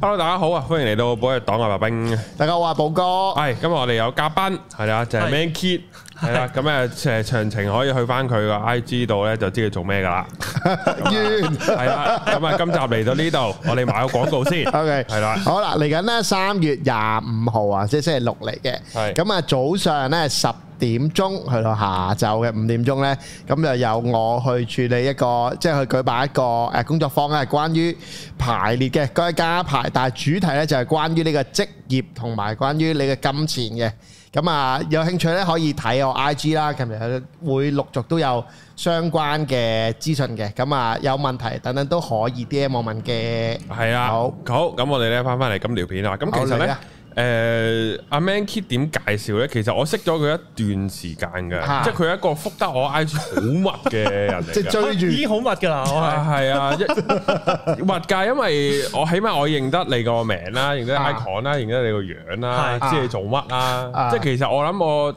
hello，大家好啊，歡迎嚟到寶藥黨阿白兵，大家好啊，寶哥，係今日我哋有嘉賓，係啦，就係 Man Kit，係啦，咁啊的，誒，詳情可以去翻佢個 IG 度咧，就知佢做咩噶啦，係啦 完，咁啊，今集嚟到呢度，我哋買個廣告先，OK，係啦的，好啦，嚟緊咧三月廿五號啊，即係星期六嚟嘅，係的，咁啊，早上咧十點鐘去到下晝嘅五點鐘咧，咁就由我去處理一個，即係去舉辦一個誒工作坊咧，係關於排列嘅，嗰啲家排，但係主題咧就係關於呢個職業同埋關於你嘅金錢嘅。咁啊，有興趣咧可以睇我 IG 啦，近嚟會陸續都有相關嘅資訊嘅。咁啊，有問題等等都可以 DM 我問嘅。係啊，好好，咁我哋咧翻返嚟咁聊片啦。咁其實咧。誒阿、uh, Man Kit 點介紹咧？其實我識咗佢一段時間嘅，啊、即係佢一個覆得我 I G 好密嘅人嚟 即係追住已經好密㗎啦，我係係啊，密㗎，因為我起碼我認得你個名啦，認得 icon 啦，認得你個、啊、樣啦，啊、知你做乜啦，啊啊、即係其實我諗我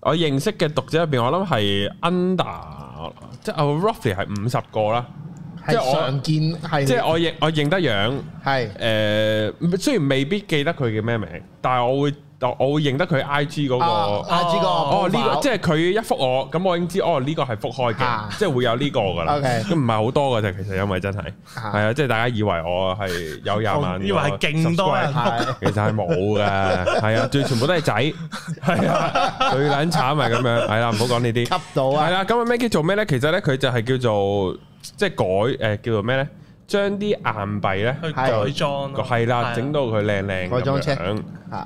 我認識嘅讀者入邊，我諗係 under 即係 roughly 係五十個啦。即常見係，即係我認我認得樣係，誒，雖然未必記得佢叫咩名，但係我會我會認得佢 I G 嗰個 I G 哦呢，即係佢一覆我，咁我已經知哦呢個係覆開嘅，即係會有呢個噶啦。O K，唔係好多噶啫，其實因為真係係啊，即係大家以為我係有廿萬，以為係勁多，其實係冇嘅，係啊，最全部都係仔，係啊，最撚慘係咁樣，係啦，唔好講呢啲，吸到啊，係啦，咁啊，Mankit 做咩咧？其實咧，佢就係叫做。即係改誒、呃，叫做咩咧？將啲硬幣咧去改裝，係啦，整的到佢靚靚咁樣，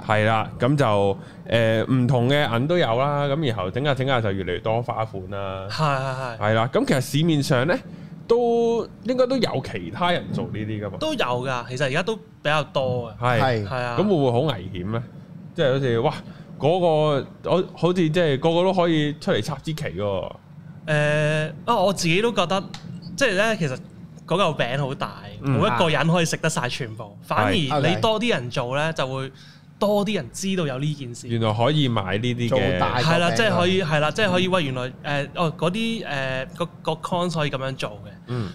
係啦，咁、嗯、就誒唔、呃、同嘅銀都有啦。咁然後整下整下就越嚟越多花款、啊、係係係啦。係係係，係啦。咁其實市面上咧都應該都有其他人做呢啲噶嘛，都有噶。其實而家都比較多啊，係係啊。咁會唔會好危險咧？即係好似哇，嗰、嗰個我好似即係個個都可以出嚟插支旗噶。誒，啊，我自己都覺得。即係咧，其實嗰嚿餅好大，冇一個人可以食得晒全部。反而你多啲人做咧，就會多啲人知道有呢件事。原來可以買呢啲嘅？係啦，即係可以，係啦，即係可以。喂，原來誒哦嗰啲誒個個 coins 可以咁樣做嘅。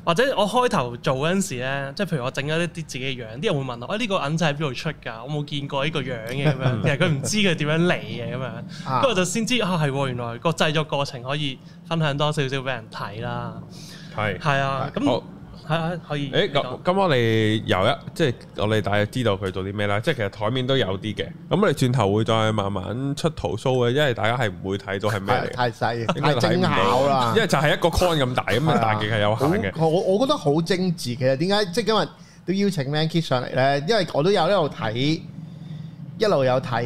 或者我開頭做嗰陣時咧，即係譬如我整咗一啲自己嘅樣，啲人會問我，哇，呢個銀仔喺邊度出㗎？我冇見過呢個樣嘅咁樣。其實佢唔知佢點樣嚟嘅咁樣。不過就先知啊，係原來個製作過程可以分享多少少俾人睇啦。係係啊，咁，係啊，可以那。誒，咁咁，我哋由一，即係我哋大家知道佢做啲咩啦。即係其實台面都有啲嘅，咁我哋轉頭會再慢慢出圖 show 嘅，因為大家係唔會睇到係咩嚟。太細，應該睇唔到啦。因為就係一個 coin 咁大咁大極係有限嘅，啊。我我覺得好精緻嘅，點解即係今日都邀請 Mankit 上嚟咧？因為我都有一路睇，一路有睇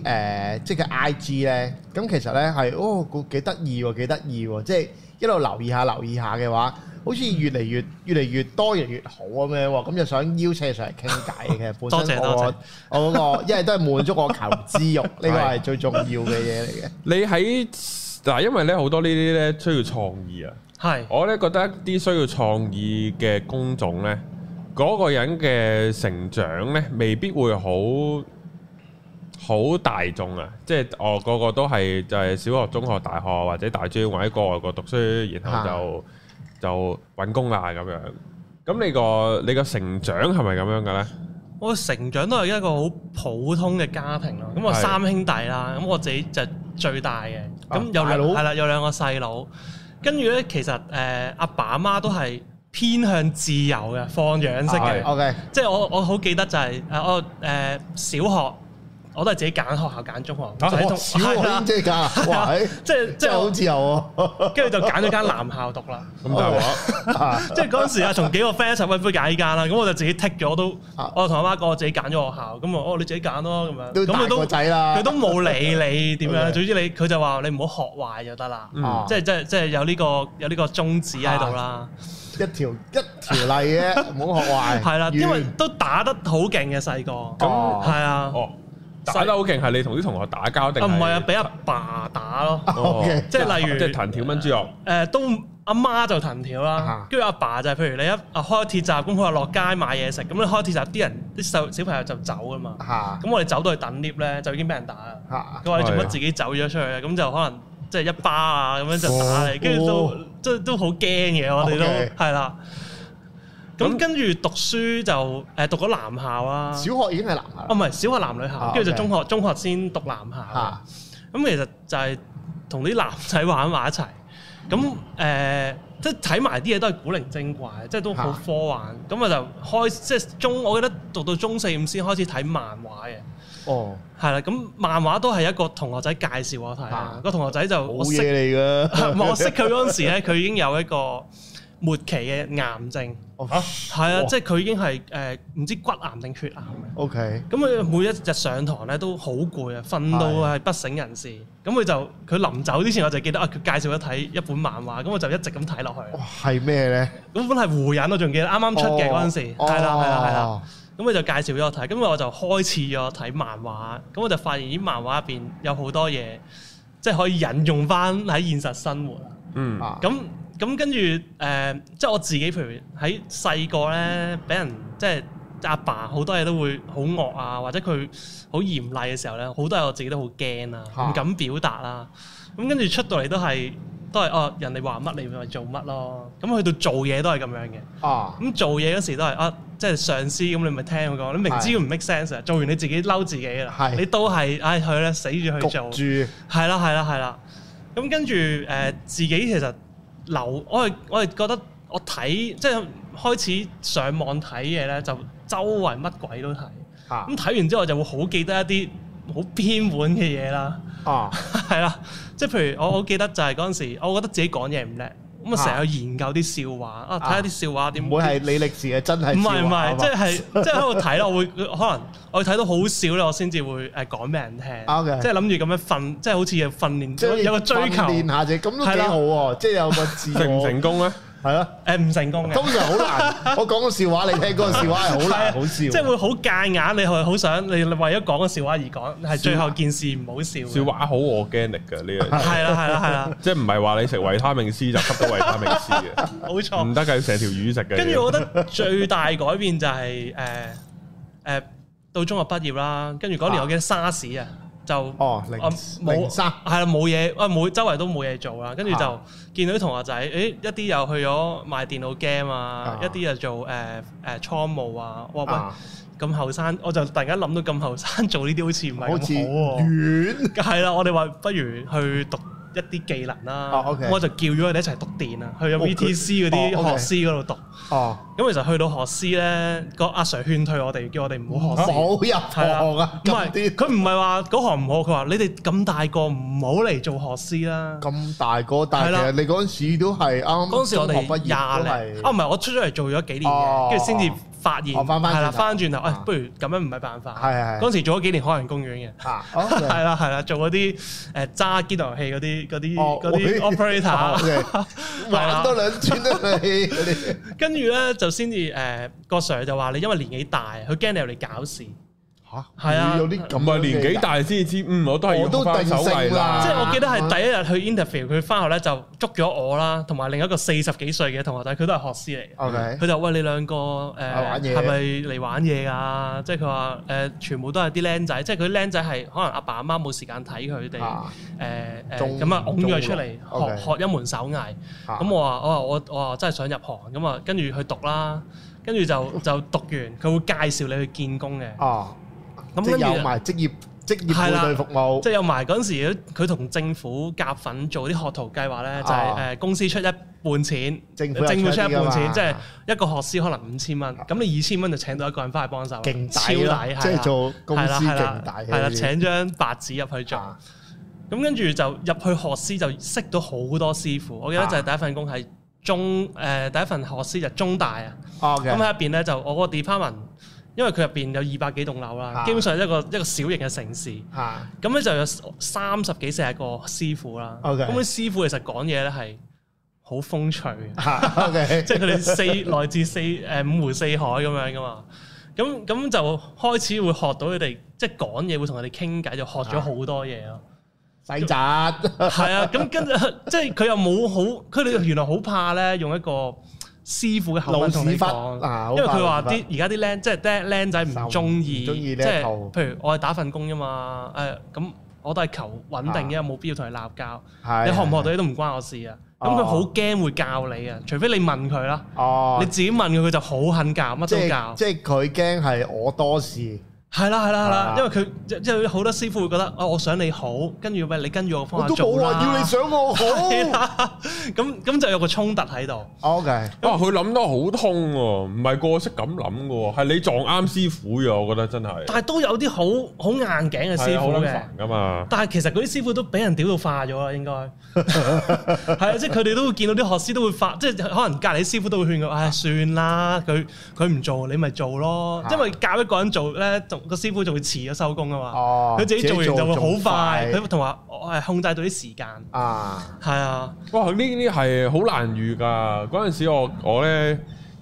誒，呃，即係 I G 咧。咁其實咧係，哦，個幾得意喎，幾得意喎，即係。一路留意下留意下嘅話，好似越嚟越越嚟越多，越越好咁樣喎？咁就想邀請你上嚟傾偈嘅。本身我我我，因為都係滿足我求知欲，呢 個係最重要嘅嘢嚟嘅。你喺嗱，因為咧好多呢啲咧需要創意啊。係是我咧覺得一啲需要創意嘅工種咧，嗰個人嘅成長咧，未必會好。好大眾啊！即係我，哦、個個都係就係、是、小學、中學、大學或者大專，或者過外國讀書，然後就、啊、就搵工啦咁樣。咁你個你個成長係咪咁樣嘅咧？我成長都係一個好普通嘅家庭咯。咁我三兄弟啦，咁是我自己就最大嘅。咁有兩係啦、啊，有兩個細佬。跟住咧，其實誒阿、呃、爸阿媽都係偏向自由嘅放養式嘅。啊、o、okay、K，即係我我好記得就係、是、誒我誒、呃、小學。我都係自己揀學校揀中學，我喺同小學先即係即係好自由啊！跟住就揀咗間男校讀啦。咁大話，即係嗰時啊，同幾個 friend 一齊揾揾揀呢間啦。咁我就自己剔咗都，我同阿媽講我自己揀咗學校。咁啊，我你自己揀咯咁樣。都大個仔啦，佢都冇理你點樣。總之你佢就話你唔好學壞就得啦。即係即係即係有呢個有呢個宗旨喺度啦。一條一條例啫，唔好學壞。係啦，因為都打得好勁嘅細個。咁係啊。使得好勁，係你同啲同學打交定？啊唔係啊，俾阿爸打咯，即係例如即係藤條炆豬肉。誒都阿媽就藤條啦，跟住阿爸就係，譬如你一開鐵閘咁，佢話落街買嘢食，咁你開鐵閘，啲人啲小朋友就走㗎嘛。咁我哋走到去等 lift 咧，就已經俾人打喇。嚇！佢話你做乜自己走咗出去呀？咁就可能即係一巴啊咁樣就打你，跟住都即係都好驚嘅。我哋都係啦。咁跟住讀書就誒讀咗男校啊，小學已經係男校。哦，唔係小學男女校，跟住就中學，中學先讀男校。咁其實就係同啲男仔玩埋一齊。咁誒，即係睇埋啲嘢都係古靈精怪，即係都好科幻。咁我就開即係中，我記得讀到中四五先開始睇漫畫嘅。哦，係啦。咁漫畫都係一個同學仔介紹我睇。個同學仔就好嘢嚟㗎。我識佢嗰陣時咧，佢已經有一個末期嘅癌症，嚇，係啊，啊哇即係佢已經係誒唔知骨癌定血癌。OK，咁佢每一日上堂咧都好攰啊，瞓到係不省人事。咁佢的就佢臨走之前，我就記得啊，佢介紹咗睇一本漫畫，咁我就一直咁睇落去。哇、哦，係咩咧？嗰本係湖人，我仲記得啱啱出嘅嗰陣時，係啦係啦係啦。咁佢、哦、就介紹俾我睇，咁我就開始咗睇漫畫。咁我就發現啲漫畫入邊有好多嘢，即係可以引用翻喺現實生活嗯，咁、嗯。嗯咁跟住誒、呃，即係我自己，譬如喺細個咧，俾人即係阿爸好多嘢都會好惡啊，或者佢好嚴厲嘅時候咧，好多嘢我自己都好驚啊，唔敢表達啊。咁跟住出到嚟都係都係哦，人哋話乜你咪做乜咯。咁去到、啊、做嘢都係咁樣嘅。咁做嘢嗰時都係啊，即係上司咁，你咪聽佢講，你明知佢唔 make sense 啊，做完你自己嬲自己啦。係，你都係唉呢，佢咧死住去做。係啦係啦係啦。咁跟住誒，自己其實。留我係我係覺得我睇，即係開始上網睇嘢咧，就周圍乜鬼都睇。咁睇、啊、完之後就會好記得一啲好偏門嘅嘢啦。哦、啊，係啦， 即係譬如我好記得就係嗰陣時，我覺得自己講嘢唔叻。咁、嗯、啊，成日研究啲笑話啊，睇下啲笑話點。唔、啊、樣會係李力史嘅真係。唔係唔係，即係即係喺度睇咯。我會可能我睇到好少咧，我先至會誒、啊、講俾人聽。即係諗住咁樣訓，即、就、係、是、好似訓練，即係有個追求。訓練下了就咁都幾好喎，即係有個自我 成唔成功咧？係咯，誒唔成功嘅，通常好難。我講個笑話你聽，個笑話係好難好笑，即係會好戒眼，你係好想你為咗講個笑話而講，係最後件事唔好笑。笑話好我 r 力 a n i c 㗎呢樣，係啦係啦係啦，即係唔係話你食維他命 C 就吸到維他命 C 嘅，冇錯，唔得㗎，要成條魚食嘅。跟住我覺得最大改變就係誒誒到中學畢業啦，跟住嗰年我記得 s a 啊。就哦零零三係啦，冇嘢、oh, 0, 啊，每周圍都冇嘢做啦，跟住就見到啲同學仔，誒、uh, 哎、一啲又去咗賣電腦 game 啊，uh, 一啲又做誒誒倉務啊，哇喂咁後生，我就突然間諗到咁後生做呢啲好似唔係咁好，啊，好遠係啦，我哋話不如去讀。一啲技能啦，oh, okay. 我就叫咗佢哋一齊讀電啊，去咗 VTC 嗰啲學師嗰度讀。哦，咁其實去到學師咧，個阿 sir 勸退我哋，叫我哋唔好學師。唔好入學啊！唔係，佢唔係話嗰行唔好，佢話你哋咁大個唔好嚟做學師啦。咁大個，但係其實你嗰陣時都係啱啱中學畢業。嗰陣時我哋廿零。啊唔係，我出咗嚟做咗幾年嘢，跟住先至。發現係啦，翻轉頭，啊、哎，不如咁樣唔係辦法。係係的，當時做咗幾年海洋公園嘅，係啦係啦，做嗰啲誒揸機動遊戲嗰啲嗰啲啲 operator，玩多兩轉啦你。 跟住咧就先至誒個 Sir 就話你因為年紀大，佢驚你嚟搞事。吓係啊，咁係年紀大先知，嗯，我都係要翻手藝啦。即係我記得係第一日去 interview，佢翻學咧就捉咗我啦，同埋另一個四十幾歲嘅同學仔，佢都係學師嚟。O K，佢就喂你兩個誒，係咪嚟玩嘢噶？即係佢話誒，全部都係啲僆仔，即係佢啲僆仔係可能阿爸阿媽冇時間睇佢哋，誒誒，咁啊，拱咗佢出嚟學學一門手藝。咁我話我我我真係想入行，咁啊，跟住去讀啦，跟住就就讀完，佢會介紹你去見工嘅。哦。即係有埋職業職業顧問服務，即係有埋嗰陣時，佢同政府夾份做啲學徒計劃咧，就係誒公司出一半錢，政府出一半錢，即係一個學師可能五千蚊，咁你二千蚊就請到一個人翻去幫手，勁大，即係做公司勁大，係啦，請張白紙入去做。咁跟住就入去學師就識到好多師傅，我記得就係第一份工係中誒第一份學師就中大啊，咁喺入邊咧就我個 department。因為佢入邊有二百幾棟樓啦，基本上一個一個小型嘅城市，咁咧、啊、就有三十幾、四十個師傅啦。咁啲 Okay. 師傅其實講嘢咧係好風趣，即係佢哋四 來自四誒、呃、五湖四海咁樣噶嘛。咁咁就開始會學到佢哋即係講嘢，會同佢哋傾偈，就學咗好多嘢咯。犀雜，係啊，咁跟住即係佢又冇好，佢哋原來好怕咧用一個。師傅嘅口吻同你講，因為佢話啲而家啲僆即係僆僆仔唔中意，即係譬如我係打份工啫嘛，誒咁我都係求穩定啫，因為冇必要同佢鬧交。你學唔學到啲都唔關我事啊。咁佢好驚會教你啊，除非你問佢啦。哦，你自己問佢，佢就好肯教，乜都教。即係佢驚係我多事。係啦，係啦，係啦，因為佢即係好多師傅會覺得啊，我想你好，跟住喂，你跟住我方做啦。我都冇話要你想我好。咁咁就有個衝突喺度。OK。哇，佢諗得好通喎，唔係個識咁諗嘅，係你撞啱師傅嘅，我覺得真係。但係都有啲好好硬頸嘅師傅好難噶嘛。但係其實嗰啲師傅都俾人屌到化咗啦，應該。係啊，即係佢哋都會見到啲學師都會化，即係可能隔籬師傅都會勸佢，唉，算啦，佢佢唔做，你咪做咯，因為教一個人做咧，個師傅就會遲咗收工啊嘛，佢自己做完就會好快，佢同我話係控制到啲時間，係啊，哇，呢啲係好難預噶。嗰陣時我我咧，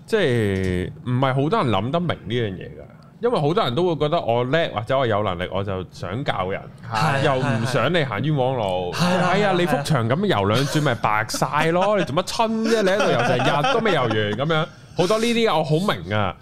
即係唔係好多人諗得明呢樣嘢噶，因為好多人都會覺得我叻或者我有能力，我就想教人，又唔想你行冤枉路。係啊，你幅牆咁樣游兩轉咪白晒咯，你做乜親啫？你喺度游成日都未游完咁樣。好多呢啲我好明啊，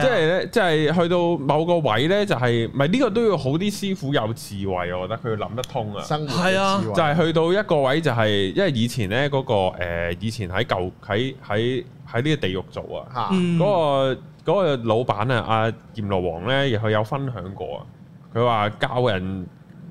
即係咧，即係去到某個位呢、就是，就係唔係呢個都要好啲師傅有智慧，我覺得佢要諗得通啊。生活嘅智慧就係去到一個位、就是，就係因為以前呢、那個，嗰、呃、個以前喺舊喺喺喺呢個地獄做啊，嗰、那個那個老闆啊，阿閻羅王呢，佢有分享過啊。佢話教人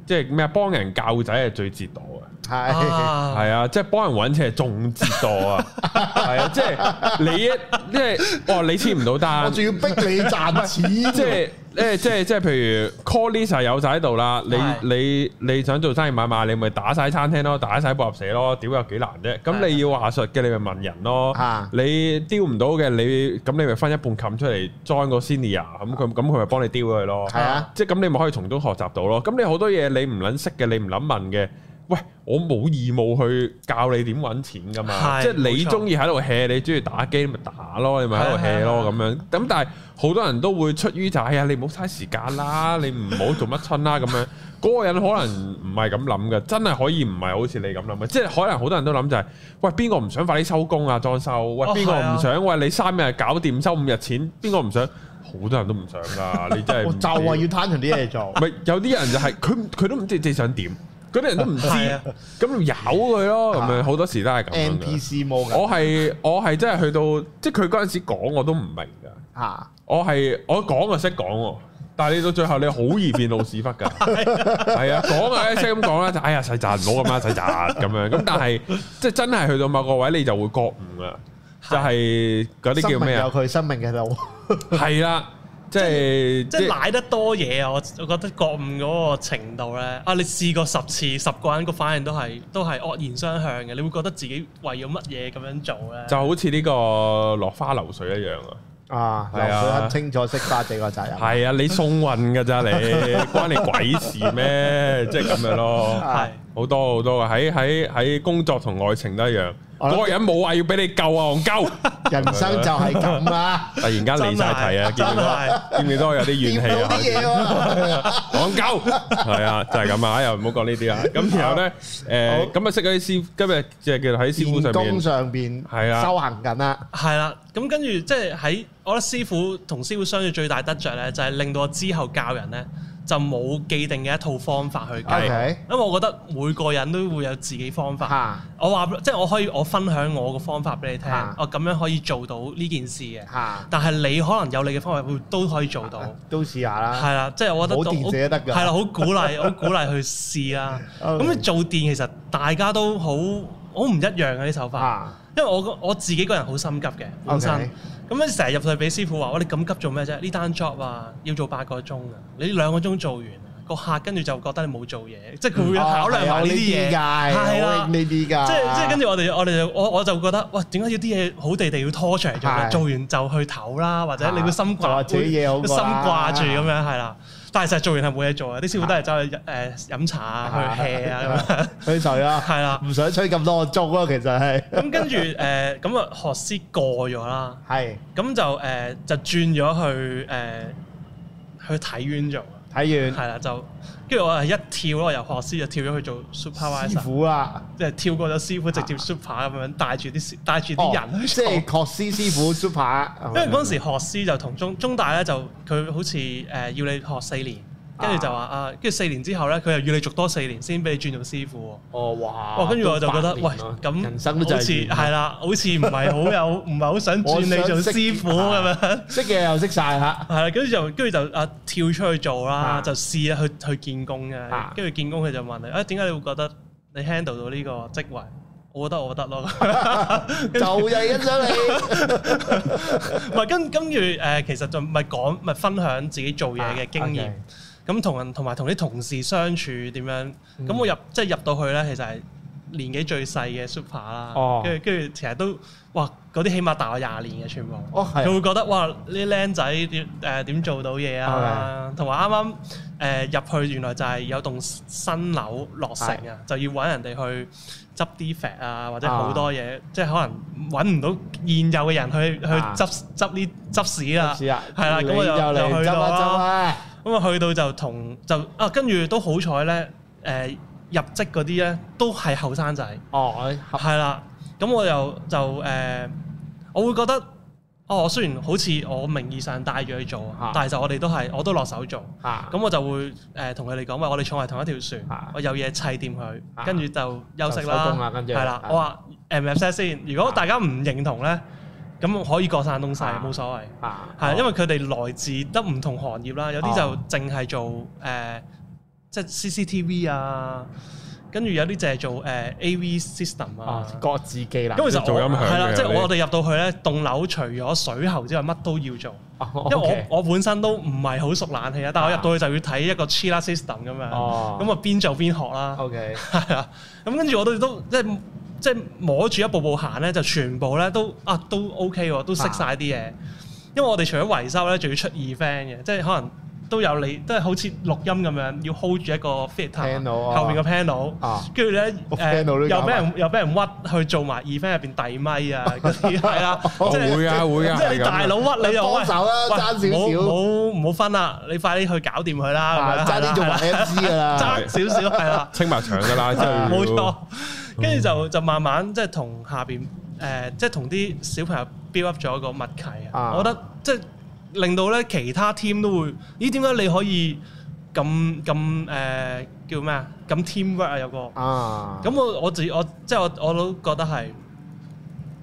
即係咩啊，幫人教仔係最折墮啊。係係啊，即係幫人搵錢仲折墮啊！係 啊，即、就、係、是、你即係、就是，哇！你簽唔到單，我仲要逼你賺錢。 即、就、係、是，誒、欸，即係，即係，譬如 Call Lisa 有晒喺度啦，你你你想做生意買賣，你咪打晒餐廳咯，打晒博入社咯，屌有幾難啫啊？咁你要話術嘅，你咪問人咯啊。你丟唔到嘅，你咁你咪分一半冚出嚟 join 個 senior，咁佢咁佢咪幫你丟咗去咯。係啊，即係咁你咪可以從中學習到咯。咁你好多嘢你唔捻識嘅，你唔捻問嘅。喂，我冇義務去教你點揾錢噶嘛，是即係你中意喺度 hea，你中意打機咪打，打咯，你咪喺度 hea 咯咁、啊啊、樣。咁但係好多人都會出於就係啊，你唔好嘥時間啦，你唔好做乜春啦咁樣。嗰、那個人可能唔係咁諗嘅，真係可以唔係好似你咁諗嘅，即係可能好多人都諗就係、是，喂邊個唔想快啲收工啊裝修？喂邊個唔想？哦是啊、喂你三日搞掂收五日錢，邊個唔想？好多人都唔想噶，你真係。 就話要攤同啲嘢做，唔係有啲人就係佢佢都唔知自己想點。嗰啲人都唔知，咁、啊、就咬佢咯。咁啊，好多時都係咁樣嘅。我係我係真係去到，即係佢嗰陣時講我都唔明嘅。嚇、啊！我係我講就識講，但係你到最後你好易變老屎忽㗎。係啊，講啊識咁講啦，啊、就、啊、哎呀曬雜唔好咁啊曬雜咁樣。咁但係即係真係去到某個位你就會覺悟啦，就係嗰啲叫咩有佢生命嘅路係啦。 即係即係賴即得多嘢啊！我我覺得覺悟嗰個程度咧，啊你試過十次十個人個反應都係都係惡言相向嘅，你會覺得自己為咗乜嘢咁樣做咧？就好似呢個落花流水一樣啊！啊，流水清楚識花姐個責任，係啊，你送運嘅咋你 關你鬼事咩？即係咁樣咯，係、啊。好多好多啊！喺喺喺工作同愛情都一樣，嗰個人冇話要俾你救啊！戇鳩，人生就係咁啊！突然間離曬題啊！見唔見？見唔見到我有啲怨氣啊？戇鳩係啊，就係咁啊！又唔好講呢啲啊！咁然後咧，誒咁啊識咗啲師，今日即係叫做喺師傅上邊，上邊係啊修行緊啦，係啦。咁跟住即係喺我覺得師傅同師傅相處最大得著咧，就係令到我之後教人咧。就冇既定嘅一套方法去計，因為我覺得每個人都會有自己方法。我話即係我可以，我分享我個方法俾你聽，我咁樣可以做到呢件事嘅。但係你可能有你嘅方法，會都可以做到。都試下啦。係啦，即係我覺得好。電得㗎。係啦，好鼓勵，好鼓勵去試啦。咁你做電其實大家都好，好唔一樣嘅啲手法。因為我我自己個人好心急嘅，我想。咁咧成日入去俾師傅話：我哋咁急做咩啫？呢單 job 啊，要做八個鐘啊，你兩個鐘做完啊，個客跟住就覺得你冇做嘢，即係佢會考量埋呢啲嘢，係啦，呢啲㗎，即係即係跟住我哋，我哋就我我就覺得，哇！點解要啲嘢好地地要拖出嚟做？的做完就去唞啦，或者你會心掛，住、啊。會」「嘢心掛住咁樣係啦。大實做完係冇嘢做啊，啲師傅都係走去誒飲茶啊，啊去 hea 啊咁樣， 吹水啊，係啦，唔想吹咁多個鐘啊，其實係。咁 嗯、跟住誒，咁、呃、啊、嗯、學師過咗啦，係是，咁、嗯、就誒、呃、就轉咗去誒、呃、去睇院做睇院係啦就。跟住我係一跳咯，我由學師就跳咗去做 supervisor 師傅啊，即係跳過咗師傅，直接 Super 噉樣，帶住啲帶住啲人，即係學師師傅 Super 啊，因為嗰陣時學師就同中中大咧，就佢好似誒要你學四年。跟住就話啊，跟住四年之後咧，佢又要你續多四年，先俾你轉做師傅。哦，哇！跟住我就覺得，喂，咁人生都好似係啦，好似唔係好有，唔係好想轉你做師傅咁樣。識嘅 又識晒。嚇， 係啦，跟住就跟住就啊，跳出去做啦，就試啊去去，去見工嘅。跟住見工佢就問你啊，點、哎、解你會覺得你 handle 到呢個職位？我覺得我得咯， 就係欣賞你 唔跟跟住誒，其實就唔係講，就係、分享自己做嘢嘅經驗。 okay. 咁同人同埋同啲同事相處點樣？咁、嗯、我入即係入到去咧，其實係年紀最細嘅 super 啦，跟住跟住成日都哇！嗰啲起碼大我廿年嘅全部，佢會覺得哇！呢啲靚仔誒點做到嘢啊？同埋啱啱誒入去，原來就係有棟新樓落成啊，就要揾人哋去執啲 fat 啊，或者好多嘢，即係可能揾唔到現有嘅人去去執執啲執屎啊！係啦，咁我又又去啦，咁啊去到就同就啊，跟住都好彩咧！誒入職嗰啲咧都係後生仔哦，係啦，咁我又就誒。我會覺得，哦，雖然好似我名義上帶住去做，但係就我哋都係，我都落手做，咁我就會誒同佢哋講話，我哋坐埋同一條船，我有嘢砌掂佢，跟住就休息啦，係啦，我話，MFS 先，如果大家唔認同咧，咁可以各散東西，冇所謂，係因為佢哋來自得唔同行業啦，有啲就淨係做誒，即係 CCTV 啊。跟住有啲就係做誒 AV system 啊，各、啊、自機啦。咁其實做音響係啦，即係我哋入到去咧，棟樓除咗水喉之外，乜都要做。Oh, okay. 因為我我本身都唔係好熟冷氣啊，oh. 但係我入到去就要睇一個 Chiller system 咁樣。哦。咁啊，邊、oh. 做邊學啦。O Okay . K。係啊。咁跟住我哋都即係即係摸住一步步行咧，就全部咧都啊都 O K 喎，都識晒啲嘢。Oh. 因為我哋除咗維修咧，仲要出 event 嘅，即係可能。都有你，都係好似錄音咁樣，要 hold 住一個 f i t t i n 後邊個 panel，跟住咧誒，又俾人又俾人屈去做埋 e v 入邊遞咪啊啲，係啦，會啊會啊，即係你大佬屈你又好，手啦，爭少少，好，唔好分啦，你快啲去搞掂佢啦，爭啲做埋 M C 噶啦，爭少少係啦，清埋場噶啦，冇錯，跟住就就慢慢即係同下邊誒，即係同啲小朋友 build up 咗一個默契啊，我覺得即係。令到咧其他 team 都會，咦？點解你可以咁咁誒叫咩啊？咁 teamwork 啊，有個。啊我。咁我我自我即係我我都覺得係，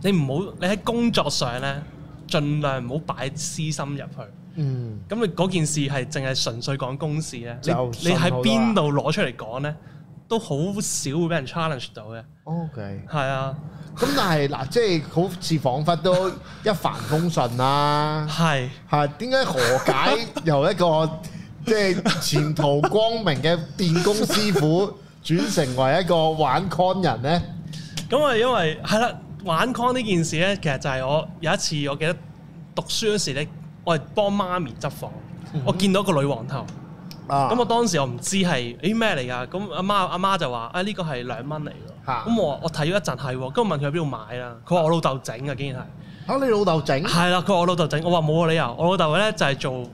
你唔好你喺工作上咧，盡量唔好擺私心入去。嗯。咁你嗰件事係淨係純粹講公事咧？就你。你喺邊度攞出嚟講咧？都好少會俾人 challenge 到嘅，OK，係啊，咁 但係嗱，即係好似彷彿都一帆風順啦，係嚇， 點解何解由一個即係前途光明嘅電工師傅轉成為一個玩 con 人咧？咁啊，嗯，嗯，因為係啦，玩 con 呢件事咧，其實就係我有一次我記得讀書嗰時咧，我係幫媽咪執房，我見到個女王頭。咁、啊、我當時我唔知係，誒咩嚟㗎？咁阿媽阿媽就話：哎、啊呢個係兩蚊嚟㗎。咁我我睇咗一陣係，咁我問佢喺邊度買啦？佢話我老豆整㗎，竟然係嚇、啊、你老豆整？係啦，佢話我老豆整。我話冇個理由，我老豆咧就係、是、做誒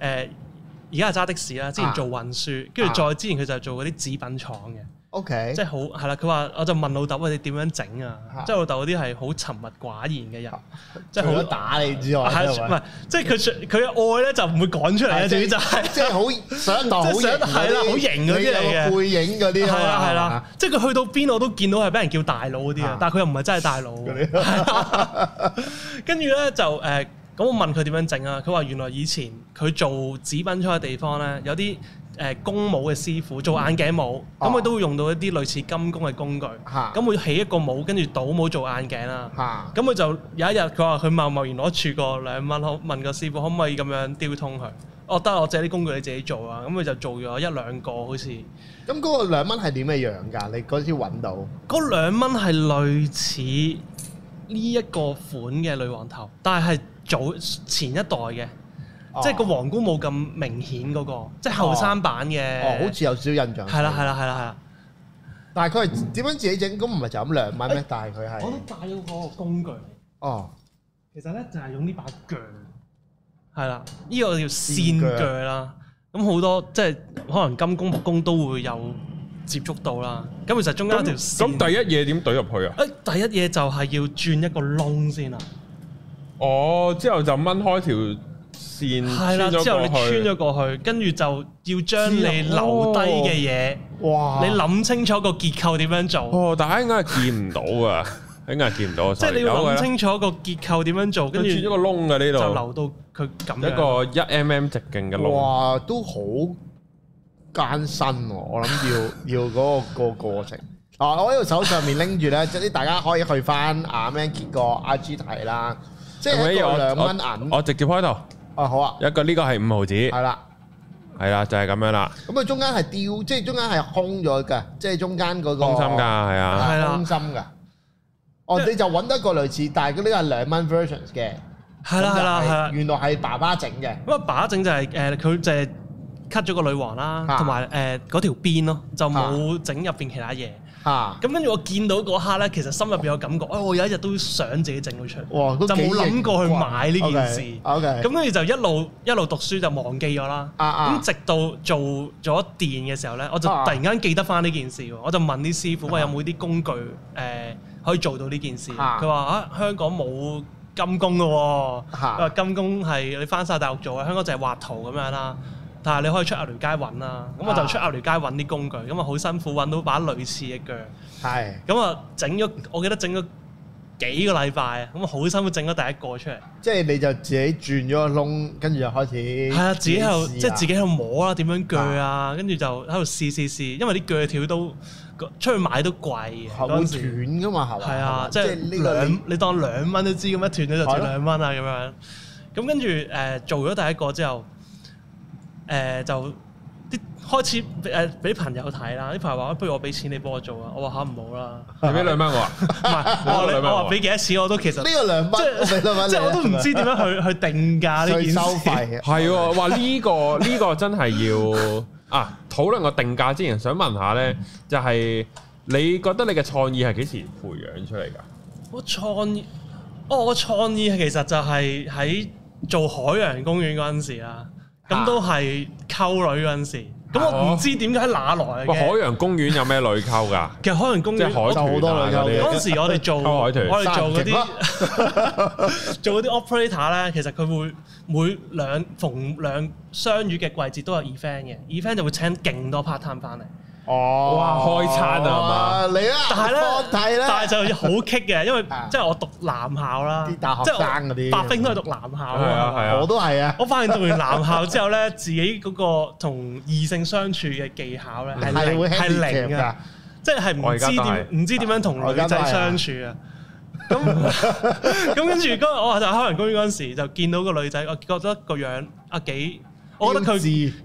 而家係揸的士啦，之前做運輸，跟住再之前佢就係做嗰啲紙品廠嘅。O K，即係好係啦。佢話：我就問老豆你點樣整啊？即係老豆嗰啲係好沉默寡言嘅人，即係好打你之外，係唔係？即係佢佢嘅愛咧就唔會講出嚟。主要就係即係好想當好係啦，好型啲嚟嘅。背影嗰啲係啦係啦，即係佢去到邊我都見到係俾人叫大佬嗰啲啊。但係佢又唔係真係大佬。跟住咧就誒，咁我問佢點樣整啊？佢話原來以前佢做紙品菜嘅地方咧，有啲。誒工務嘅師傅做眼鏡帽，咁佢、哦、都會用到一啲類似金工嘅工具。嚇、啊，咁佢起一個帽，跟住倒帽做眼鏡啦。咁佢、啊、就有一日，佢話佢貿貿然攞住個兩蚊，可問個師傅可唔可以咁樣吊通佢？哦，得，我借啲工具你自己做啊。咁佢就做咗一兩個好似。咁嗰個兩蚊係點嘅樣㗎？你嗰時揾到？嗰兩蚊係類似呢一個款嘅女王頭，但係係早前一代嘅。即係個皇冠冇咁明顯嗰個，即係後生版嘅。哦，好似有少少印象。係啦，係啦，係啦，係啦。但係佢係點樣自己整？咁唔係就咁兩蚊咩？但係佢係我都帶咗嗰個工具。哦。其實咧就係用呢把鋸。係啦，呢個叫線鋸啦。咁好多即係可能金工木工都會有接觸到啦。咁其實中間條線。咁第一嘢點懟入去啊？誒，第一嘢就係要轉一個窿先啦。哦，之後就掹開條線你穿咗過去，跟住就要將你留低嘅嘢。哇！你諗清楚個結構點樣做？但係應該係見唔到啊，應該係見唔到。即係你要諗清楚個結構點樣做，跟住穿咗個窿嘅呢度，就留到佢咁樣一個一 mm 直徑嘅窿。哇！都好艱辛哦，我諗要要嗰個個過程。啊，我喺度手上面拎住咧，即係大家可以去翻阿 Man 嗰個 IG 睇啦，即係一個兩蚊銀。我直接開頭。啊好啊，一個呢個係五毫子，係啦，係啦，就係咁樣啦。咁佢中間係吊，即係中間係空咗嘅，即係中間嗰個。中心噶，係啊，係啦，中心噶。哦，你就揾一個類似，但係呢個係兩蚊 versions 嘅，係啦係啦係啦。原來係爸爸整嘅。咁啊爸爸整就係誒佢就係 cut 咗個女王啦，同埋誒嗰條邊咯，就冇整入邊其他嘢。咁跟住我見到嗰刻咧，其實心入邊有感覺，啊、哎！我有一日都想自己整到出嚟，就冇諗過去買呢件事。咁跟住就一路一路讀書就忘記咗啦。咁、uh, uh, 直到做咗電嘅時候咧，我就突然間記得翻呢件事 uh, uh, 我就問啲師傅喂，uh, 有冇啲工具誒、呃、可以做到呢件事？佢話、uh,：啊，香港冇金工噶喎。佢話：金工係你翻晒大學做嘅，香港就係畫圖咁樣啦。但係你可以出鴨寮街揾啦，咁我就出鴨寮街揾啲工具，咁啊好辛苦揾到把類似嘅鋸，係，咁啊整咗，我記得整咗幾個禮拜啊，咁啊好辛苦整咗第一個出嚟。即係你就自己轉咗個窿，跟住就開始。係啊，自己喺度，即係自己喺度摸啊，點樣鋸啊？跟住就喺度試試試，因為啲鋸條都出去買都貴，好斷㗎嘛，係啊，即係兩你當兩蚊都知，咁一斷咧就斷兩蚊啊，咁樣。咁跟住誒做咗第一個之後，誒、呃、就啲開始誒俾、呃、朋友睇啦！啲朋友話、啊：不如我俾錢你幫我做啊！我話吓唔好啦，你俾兩蚊我啊？唔係我話俾幾多錢我都其實呢個兩蚊，即係 我都唔知點樣去 去定價呢件收費係喎話呢個呢、呢個真係要 啊！討論個定價之前，想問下咧，就係、係、你覺得你嘅創意係幾時培養出嚟㗎？我創意哦，我創意其實就係喺做海洋公園嗰陣時啦。咁、啊、都係溝女嗰陣時，咁、啊嗯、我唔知點解哪來、啊、海洋公園有咩女溝㗎？其實海洋公園我、啊、有好多女溝。當時我哋做海、啊、我哋做嗰啲、啊、哈做嗰啲 operator 咧， 其實佢會每兩逢兩雙月嘅季節都有 event 嘅 event 就會請勁多 part time 翻嚟。哦，哇，開餐啊！哇，你啊？但係咧，但係就係好激嘅，因為即係我讀男校啦，即大學生嗰啲，白兵都係讀男校啊，我都係啊！我發現讀完男校之後咧，自己嗰個同異性相處嘅技巧咧係零，係零噶，即係係唔知點唔知點樣同女仔相處啊！咁咁跟住嗰日我喺開雲公園嗰陣時就見到個女仔，我覺得個樣啊幾～我覺得佢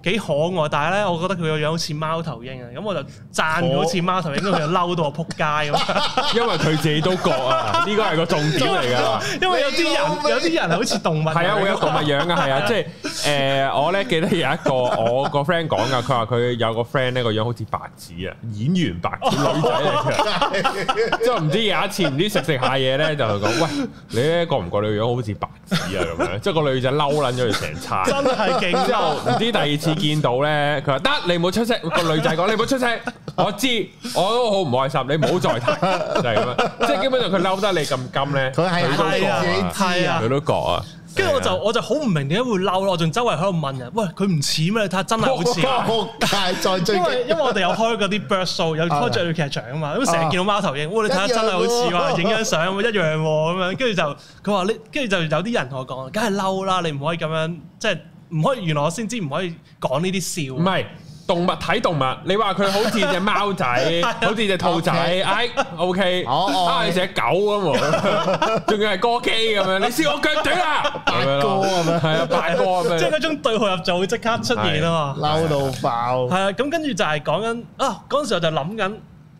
幾可愛，但係咧，我覺得佢個樣好似貓頭鷹啊！咁我就讚佢好似貓頭鷹，佢就嬲到我撲街咁。因為佢 自己都覺啊，呢個係個重點嚟㗎因，因為有啲人有啲人好似動物，係啊，會有動物樣㗎，係啊， 即係誒、呃，我咧記得有一個我個 friend 講㗎，佢話佢有個 friend 咧個樣好似白紙啊，演員白紙女仔嚟嘅。之後唔知有一次唔知食食下嘢咧，就佢講，喂，你咧覺唔覺你個樣好似白紙啊？咁樣，即係個女仔嬲撚咗佢成餐，真係勁。唔知第二次見到咧，佢話得你唔好出聲。個女仔講，你唔好出聲，我知我都好唔開心。你唔好再提，就係咁樣。即係基本上佢嬲得你咁金咧，佢都講，佢都講啊。跟住我就我就好唔明點解會嬲咯，我仲周圍喺度問人。喂，佢唔似咩？你睇下真係好似啊！惡大在最，因為因為我哋有開嗰啲 bird show，有開雀鳥劇場啊嘛，咁成日見到貓頭鷹。哇，你睇下真係好似話影張相一樣喎咁樣。跟住就佢話你，跟住就有啲人同我講，梗係嬲啦，你唔可以咁樣即係。唔可以，原來我先知唔可以講呢啲笑。唔係動物睇動物，你話佢好似隻貓仔，好似隻兔仔，哎，OK，啊，你隻狗咁喎，仲要係歌 K 咁樣，你笑我腳短啦，八哥咁樣，係啊，八哥咁樣，即係嗰種對號入座會即刻出現啊嘛，嬲到爆。係啊，咁跟住就係講緊啊，嗰陣時候就諗緊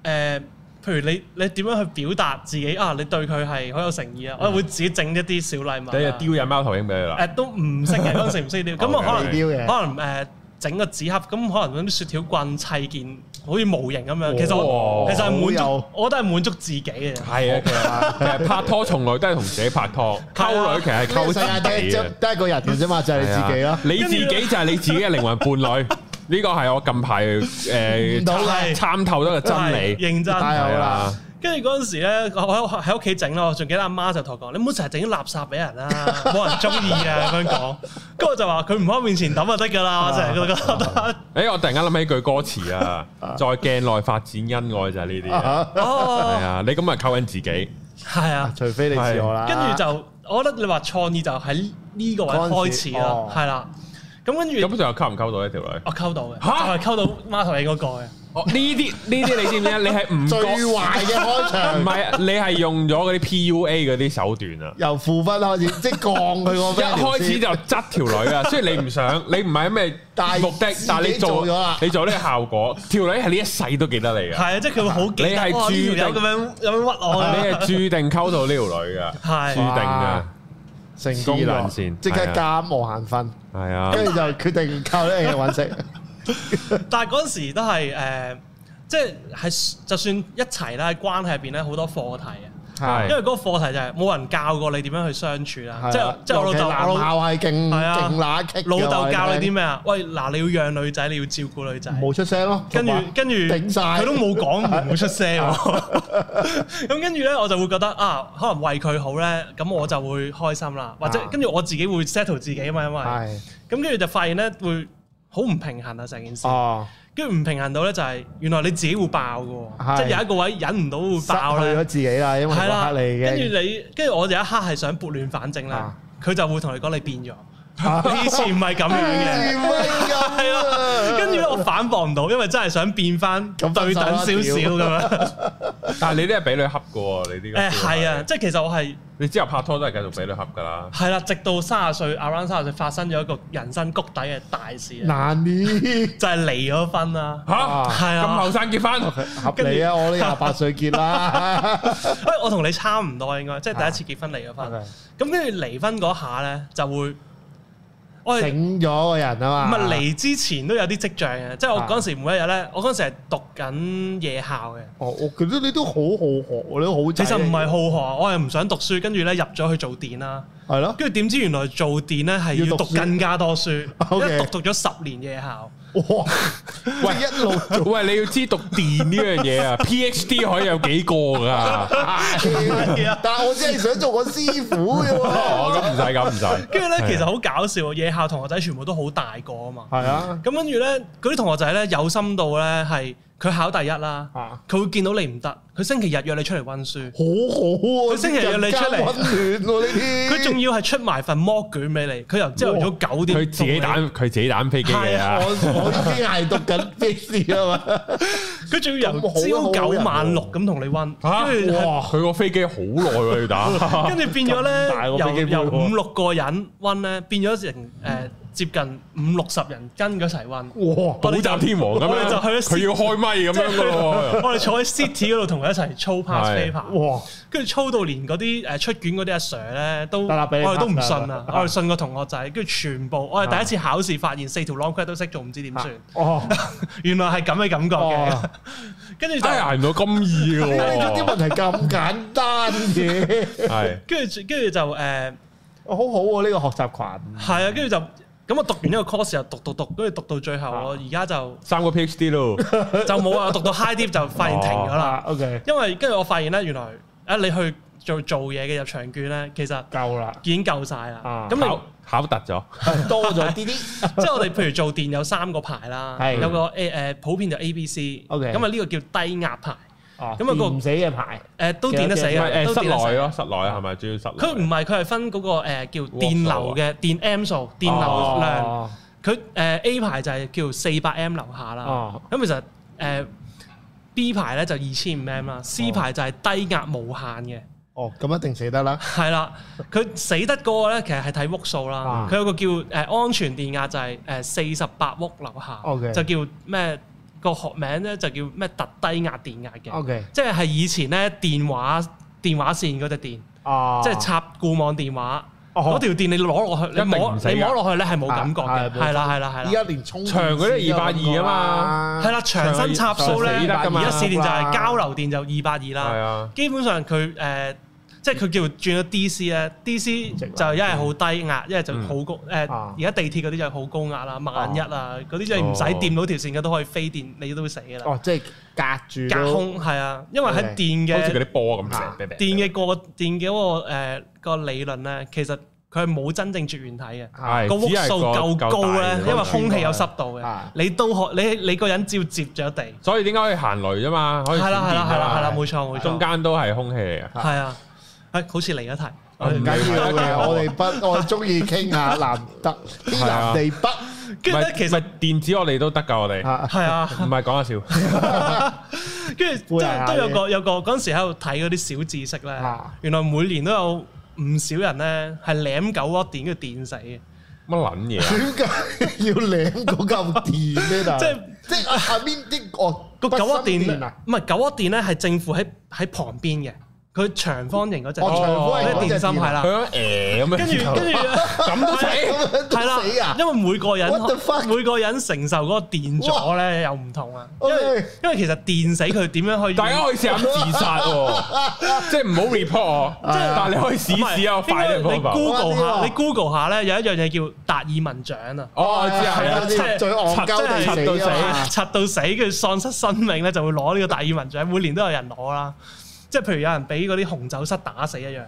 誒。譬如你你點樣去表達自己啊？你對佢係好有誠意啊！我會自己整一啲小禮物。你又雕隻貓頭鷹俾佢啦？誒，都唔識嘅，當時唔識雕？咁啊，可能可能誒，整個紙盒，咁可能嗰啲雪條棍砌件，好似模型咁樣。其實其實係滿足，我覺得係滿足自己嘅。係啊，其實拍拖從來都係同自己拍拖，溝女其實係溝自己。得一個人嘅啫嘛，就係你自己咯。你自己就係你自己嘅靈魂伴侶。呢個係我近排誒、呃、參參透咗嘅真理，認真。啦，跟住嗰陣時咧，我喺喺屋企整咯，仲記得阿媽，媽就同我講：你唔好成日整啲垃圾俾人啦，冇 人中意啊，咁樣講。跟住我就話：佢唔喺面前抌就得㗎啦，成日覺得。誒，我突然間諗起句歌詞啊，在鏡內發展恩愛就係呢啲啊。 啊，你咁咪溝緊自己。係啊，除非你自我啦。跟住就，我覺得你話創意就喺呢個位開始啦，係啦。 啊 咁跟住咁就又溝唔溝到呢條女？我溝到嘅嚇，係溝到媽同你嗰個嘅。呢啲呢啲你知唔知啊？你係唔最壞嘅開場。唔係，你係用咗嗰啲 PUA 嗰啲手段啊。由負分開始，即降佢個。一開始就質條女啊，所以你唔想，你唔係咩帶目的，但係你做咗，你做呢個效果，條女係呢一世都記得你嘅。係啊，即佢會好記。你係註定咁樣咁樣屈我。你係註定溝到呢條女嘅，註定嘅成功人士，即刻加無限分。係啊，跟住就決定靠呢樣嘢揾食。但係嗰陣時都係誒，即係係就算一齊咧，關係入邊咧好多課題啊。因為嗰個課題就係冇人教過你點樣去相處啦。即係即係我老豆，我老母係勁，係啊，勁乸老豆教你啲咩啊？喂，嗱，你要養女仔，你要照顧女仔，冇出聲咯。跟住跟住，佢都冇講，唔會出聲。咁跟住咧，我就會覺得啊，可能為佢好咧，咁我就會開心啦。或者跟住我自己會 settle 自己啊嘛，因為咁跟住就發現咧，會好唔平衡啊成件事。跟住唔平衡到咧，就係原來你自己會爆嘅，是即有一個位忍唔到會爆啦，失去咗自己啦，因為個壓力嘅。跟住你，跟住我就一刻係想撥亂反正啦，佢、啊、就會同你講你變咗。以前唔係咁樣嘅，係咯，跟住我反駁唔到，因為真係想變翻對等少少咁樣。但係你啲係俾女恰嘅喎，你呢？誒係啊，即係其實我係你之後拍拖都係繼續俾女恰噶啦。係啦，直到卅歲，around 卅歲發生咗一個人生谷底嘅大事，嗱，你就係離咗婚啦。吓，係啊，咁後生結婚合你啊，我呢廿八歲結啦。喂，我同你差唔多，應該即係第一次結婚離咗婚。咁跟住離婚嗰下咧，就會。我係整咗個人啊嘛！唔係，嚟之前都有啲跡象嘅，的即係我嗰陣時每一日咧，我嗰陣時係讀緊夜校嘅。哦，我覺得你都好好學，你都好。其實唔係好學，我係唔想讀書，跟住咧入咗去做電啦。係咯的。跟住點知原來做電咧係要讀，要讀更加多書，因為 Okay. 讀讀咗十年夜校。哇！喂，一路做 喂，你要知讀電呢樣嘢啊 ？PhD 可以有幾個噶？哎、 但係我真係想做個師傅嘅喎。咁唔使，咁唔使。跟住咧，呢 其實好搞笑，夜校同學仔全部都好大個啊嘛。係啊。咁跟住咧，嗰啲同學仔咧有深度咧係。佢考第一啦，佢會見到你唔得，佢星期日約你出嚟溫書，好好啊，佢星期日約你出嚟，溫暖呢、啊、啲，佢仲 要係出埋份 mock 卷俾你，佢由朝頭早九點，佢自己打佢你自己打飛機嚟啊，我我已經係讀緊飛機啊嘛，佢仲要由朝九晚六咁同你溫，啊、哇，佢個飛機好耐喎要打，跟住 變咗咧，由由五六個人溫咧，變咗成誒。呃嗯接近五六十人跟佢一齊溫，哇！補習天王咁啦，佢要開咪咁樣咯。我哋坐喺 city 嗰度同佢一齊操 past paper，跟住操到連嗰啲誒出卷嗰啲阿 Sir 咧，都我哋都唔信啊！我哋信個同學仔，跟住全部我哋第一次考試，發現四條 long Q 都識做，唔知點算。哦，原來係咁嘅感覺嘅。跟住真係捱唔到咁易喎！啲問題咁簡單嘅，係跟住跟住就誒，好好喎呢個學習群。係啊，跟住就。咁我讀完呢個 course 又讀讀讀，跟住讀，讀，讀到最後我，我而家就三個 PhD 咯，就冇啊讀到 high deep 就發現停咗啦。哦。OK，因為跟住我發現咧，原來啊你去做做嘢嘅入場券咧，其實夠啦，已經夠晒啦。啊，考考突咗 多咗啲啲，即係 我哋譬如做電有三個牌啦， 有個 A 誒普遍就 A BC, okay、B、C。OK，咁啊呢個叫低壓牌。哦，咁啊個唔死嘅牌，誒都電得死嘅，誒室內咯，室內係咪？主要室內。佢唔係，佢係分嗰個誒叫電流嘅電 M 數電流量。佢誒 A 牌就係叫四百 M 樓下啦。咁其實誒 B 牌咧就二千五 M 啦，C 牌就係低壓無限嘅。哦，咁一定死得啦。係啦，佢死得嗰個咧，其實係睇屋數啦。佢有個叫誒安全電壓就係誒四十八屋樓下，就叫咩？個學名咧就叫咩特低壓電壓嘅，Okay. 即係係以前咧電話電話線嗰隻電，即係、oh. 插固網電話嗰條電，你攞落去，你摸你摸落去咧係冇感覺嘅，係啦係啦係啦。依家連長嗰啲二百二啊嘛，係啦，長身插數咧，而家試電就係交流電就二百二啦，基本上佢誒。呃即係佢叫轉咗 DC 咧，DC 就一係好低壓，一係就好高誒。而家地鐵嗰啲就好高壓啦，萬一啊嗰啲就唔使掂到條線嘅都可以飛電，你都會死㗎啦。哦，即係隔住隔空係啊，因為喺電嘅好似啲波咁嚇，電嘅過電嘅嗰個誒個理論咧，其實佢係冇真正絕緣體嘅，個溫度夠高咧，因為空氣有濕度嘅，你都可你你個人只要接著地，所以點解可以行雷啫嘛？可以閃電，係啦係啦係啦，冇錯冇錯，中間都係空氣嚟嘅。係啊。好似嚟一題，唔緊要我哋北，我中意傾下南得，啲南嚟北。唔係，其實電子我哋都得㗎，我哋係啊，唔係講下笑。跟住即係都有個有個嗰陣時喺度睇嗰啲小知識咧。原來每年都有唔少人咧係舐九個電叫電死嘅。乜撚嘢？點解要舐嗰嚿電咧？即係即係下邊啲個個九個電唔係九個電咧，係正負喺喺旁邊嘅。佢長方形嗰隻，嗰隻電芯係啦，咁咁樣，跟住跟住咁都死，係啦，因為每個人每個人承受嗰個電阻咧又唔同啊，因為因為其實電死佢點樣可以，大家可以試下自殺，即係唔好 report，即係但你可以試試啊，快啲 Google 下，你 Google 下咧有一樣嘢叫達爾文獎啊，哦，知啊，最戇鳩死啊，賊到死，佢喪失生命咧就會攞呢個達爾文獎，每年都有人攞啦。即係譬如有人俾嗰啲紅酒塞打死一樣，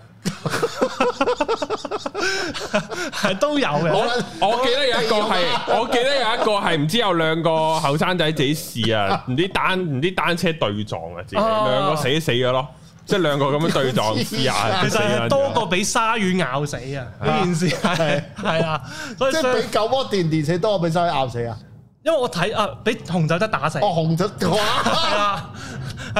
係都有嘅。我我記得有一個係，我記得有一個係唔知有兩個後生仔自己試啊，唔知單唔知單車對撞啊，自己兩個死死咗咯，即係兩個咁樣對撞死啊。其實多過俾鯊魚咬死啊，呢件事係係啊，所以即係俾九窩電電死多過俾鯊魚咬死啊。因為我睇啊，俾紅酒塞打死哦，紅酒哇！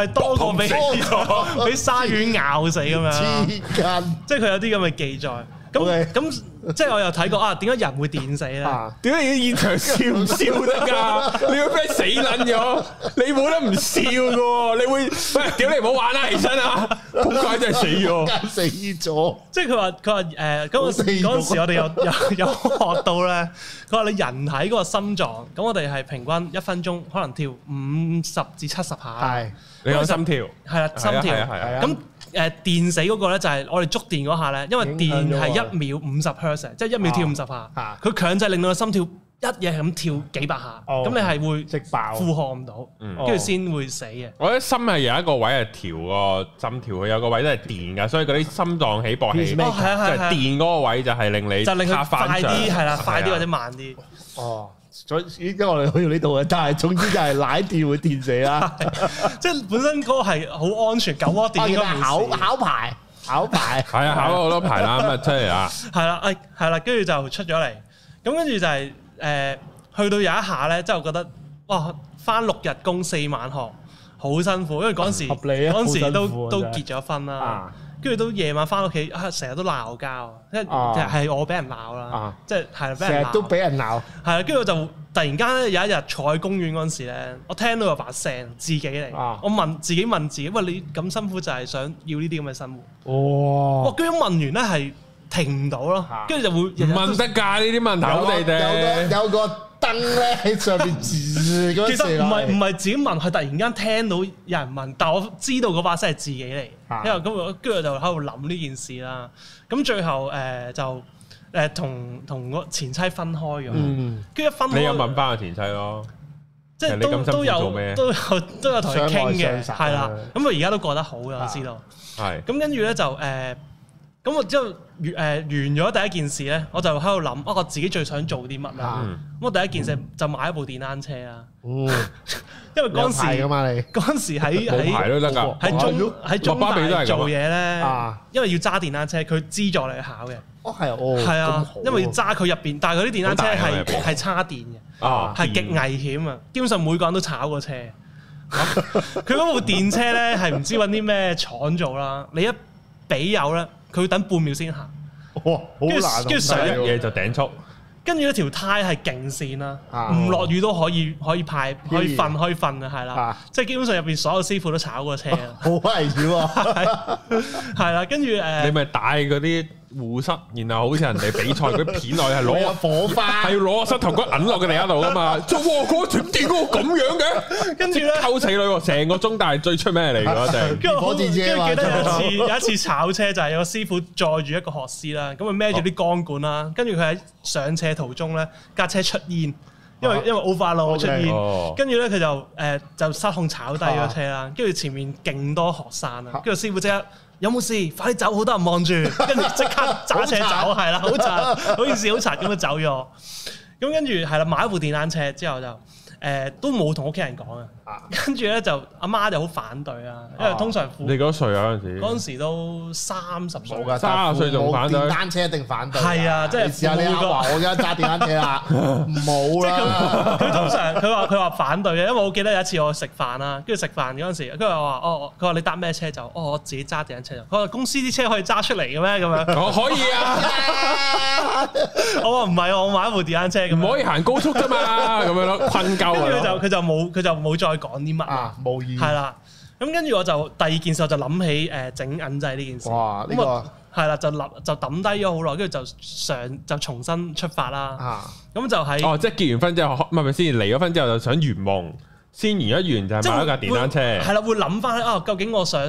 係多過俾俾鯊魚咬死咁癡樣，即係佢有啲咁嘅記載。咁咁 Okay. 即係我又睇過啊？點解人會電死咧？點解要現場笑唔笑得噶？你會唔會死撚咗？你冇得唔笑噶？你會屌你唔好玩啦，啊，起身啊！好鬼真係死咗， 死咗！即係佢話佢話誒，咁、呃、陣時我哋又又學到咧。佢話你人體嗰個心臟，咁我哋係平均一分鐘可能跳五十至七十下。係。你講心跳，係啦，心跳。咁誒電死嗰個咧，就係我哋觸電嗰下咧，因為電係一秒五十 hertz 即係一秒跳五十下。嚇！佢強制令到個心跳一夜咁跳幾百下，咁你係會直爆，負荷唔到，跟住先會死嘅。我覺得心係有一個位係調個心跳，佢有個位都係電㗎，所以嗰啲心臟起搏器，哦，係啊，係啊，電嗰個位就係令你就令佢快啲，係啦，快啲或者慢啲。哦。所以而家我哋去呢度嘅，但係總之就係奶店會電死啦， 即係本身嗰個係好安全九窩電，啊、考考牌，考牌，係啊，考咗好多牌啦，咁啊出嚟啦，係啦，係啦，跟住就出咗嚟，咁跟住就係誒、就是呃，去到有一下咧，即係我覺得哇，返六日工四晚學，好辛苦，因為嗰時嗰、啊、時都都結咗婚啦。跟住、啊、都夜晚翻屋企，成日都鬧交，即係係我俾人鬧啦，即係係啦，成日都俾人鬧。係啦，跟住我就突然間咧有一日坐喺公園嗰陣時咧，我聽到有把聲，自己嚟。啊、我問自己問自己，喂、哎，你咁辛苦就係想要呢啲咁嘅生活？哇、哦！居、啊、然問完咧係停唔到咯，跟住、啊、就會問得㗎呢啲問題個的。有個燈咧喺上邊自嗰事啦， 其實唔係唔係自己問，係突然間聽到有人問，但我知道嗰把聲係自己嚟，因為咁跟住就喺度諗呢件事啦。咁最後誒、呃、就誒同同個前妻分開咗，跟住一分開，你又問翻個前妻咯，即係都都有都有都有同佢傾嘅，係啦的。咁佢而家都過得好嘅，我知道。係咁跟住咧就誒。呃咁我之後完誒完咗第一件事咧，我就喺度諗，我自己最想做啲乜啦。咁我第一件事就買一部電單車啦。因為嗰陣時嗰陣時喺喺喺中喺中做嘢咧，因為要揸電單車，佢資助你考嘅。哦，係我啊，因為要揸佢入邊，但係佢啲電單車係係叉電嘅，係極危險啊！基本上每個人都炒過車。佢嗰部電車咧係唔知揾啲咩廠做啦，你一俾油咧～佢要等半秒先行，哇，好難，跟住著上一了嘢就頂速，跟住一條胎係勁線啦，唔落、啊、雨都可以可以派可以瞓可以瞓啊，係啦了，啊、即係基本上入邊所有師傅都炒過車，好、啊、危險啊，係啦， 跟住誒，你咪帶嗰啲。護膝，然後好似人哋比賽嗰啲片內係攞火花，係要攞個膝頭骨揞落嘅另一度噶嘛？哇，嗰條片咁樣嘅，跟住咧溝仔女，成個中大最出名嚟噶，一定。跟住我記得有一次有一次炒車就係有個師傅載住一個學師啦，咁啊孭住啲鋼管啦，跟住佢喺上車途中咧，架車出煙，因為因為 overload 出煙，跟住咧佢就誒就失控炒低咗車啦，跟住前面勁多學生啦，跟住師傅即刻。有冇事？快啲走！好多人望住，跟住即刻揸車走，係啦 慘， 好慘，好似小慘咁樣走咗。咁跟住係啦，買一部電單車之後就誒、呃，都冇同屋企人講跟住咧就阿媽，媽就好反對啊。因為通常你幾多歲啊，陣時？嗰陣時都三十歲，噶，三十歲好反對，反對電單車一定反對？係啊，即、就、係、是、試下你話，我而家揸電單車啊？冇啊 佢通常佢話佢話反對嘅，因為我記得有一次我去食飯啦，跟住食飯嗰陣時，跟住我話哦，佢話你搭咩車就哦，我自己揸電單車。佢話公司啲車可以揸出嚟嘅咩？咁樣我可以啊。我話唔係，我買一部電單車咁，唔可以行高速㗎嘛。咁 樣咯、啊，困夠啦，佢就佢就冇佢就冇再。講啲乜啊？冇意係啦，咁跟住我就第二件事，我就諗起誒、呃，整銀仔呢件事。哇，呢個係啦，就諗就抌低咗好耐，跟住就上就重新出發啦。咁、啊、就喺、是、哦，即係結完婚之後，唔係唔先離咗婚之後，就想圓夢，先圓一圓就買一架電單車。係啦，會諗翻啊，究竟我想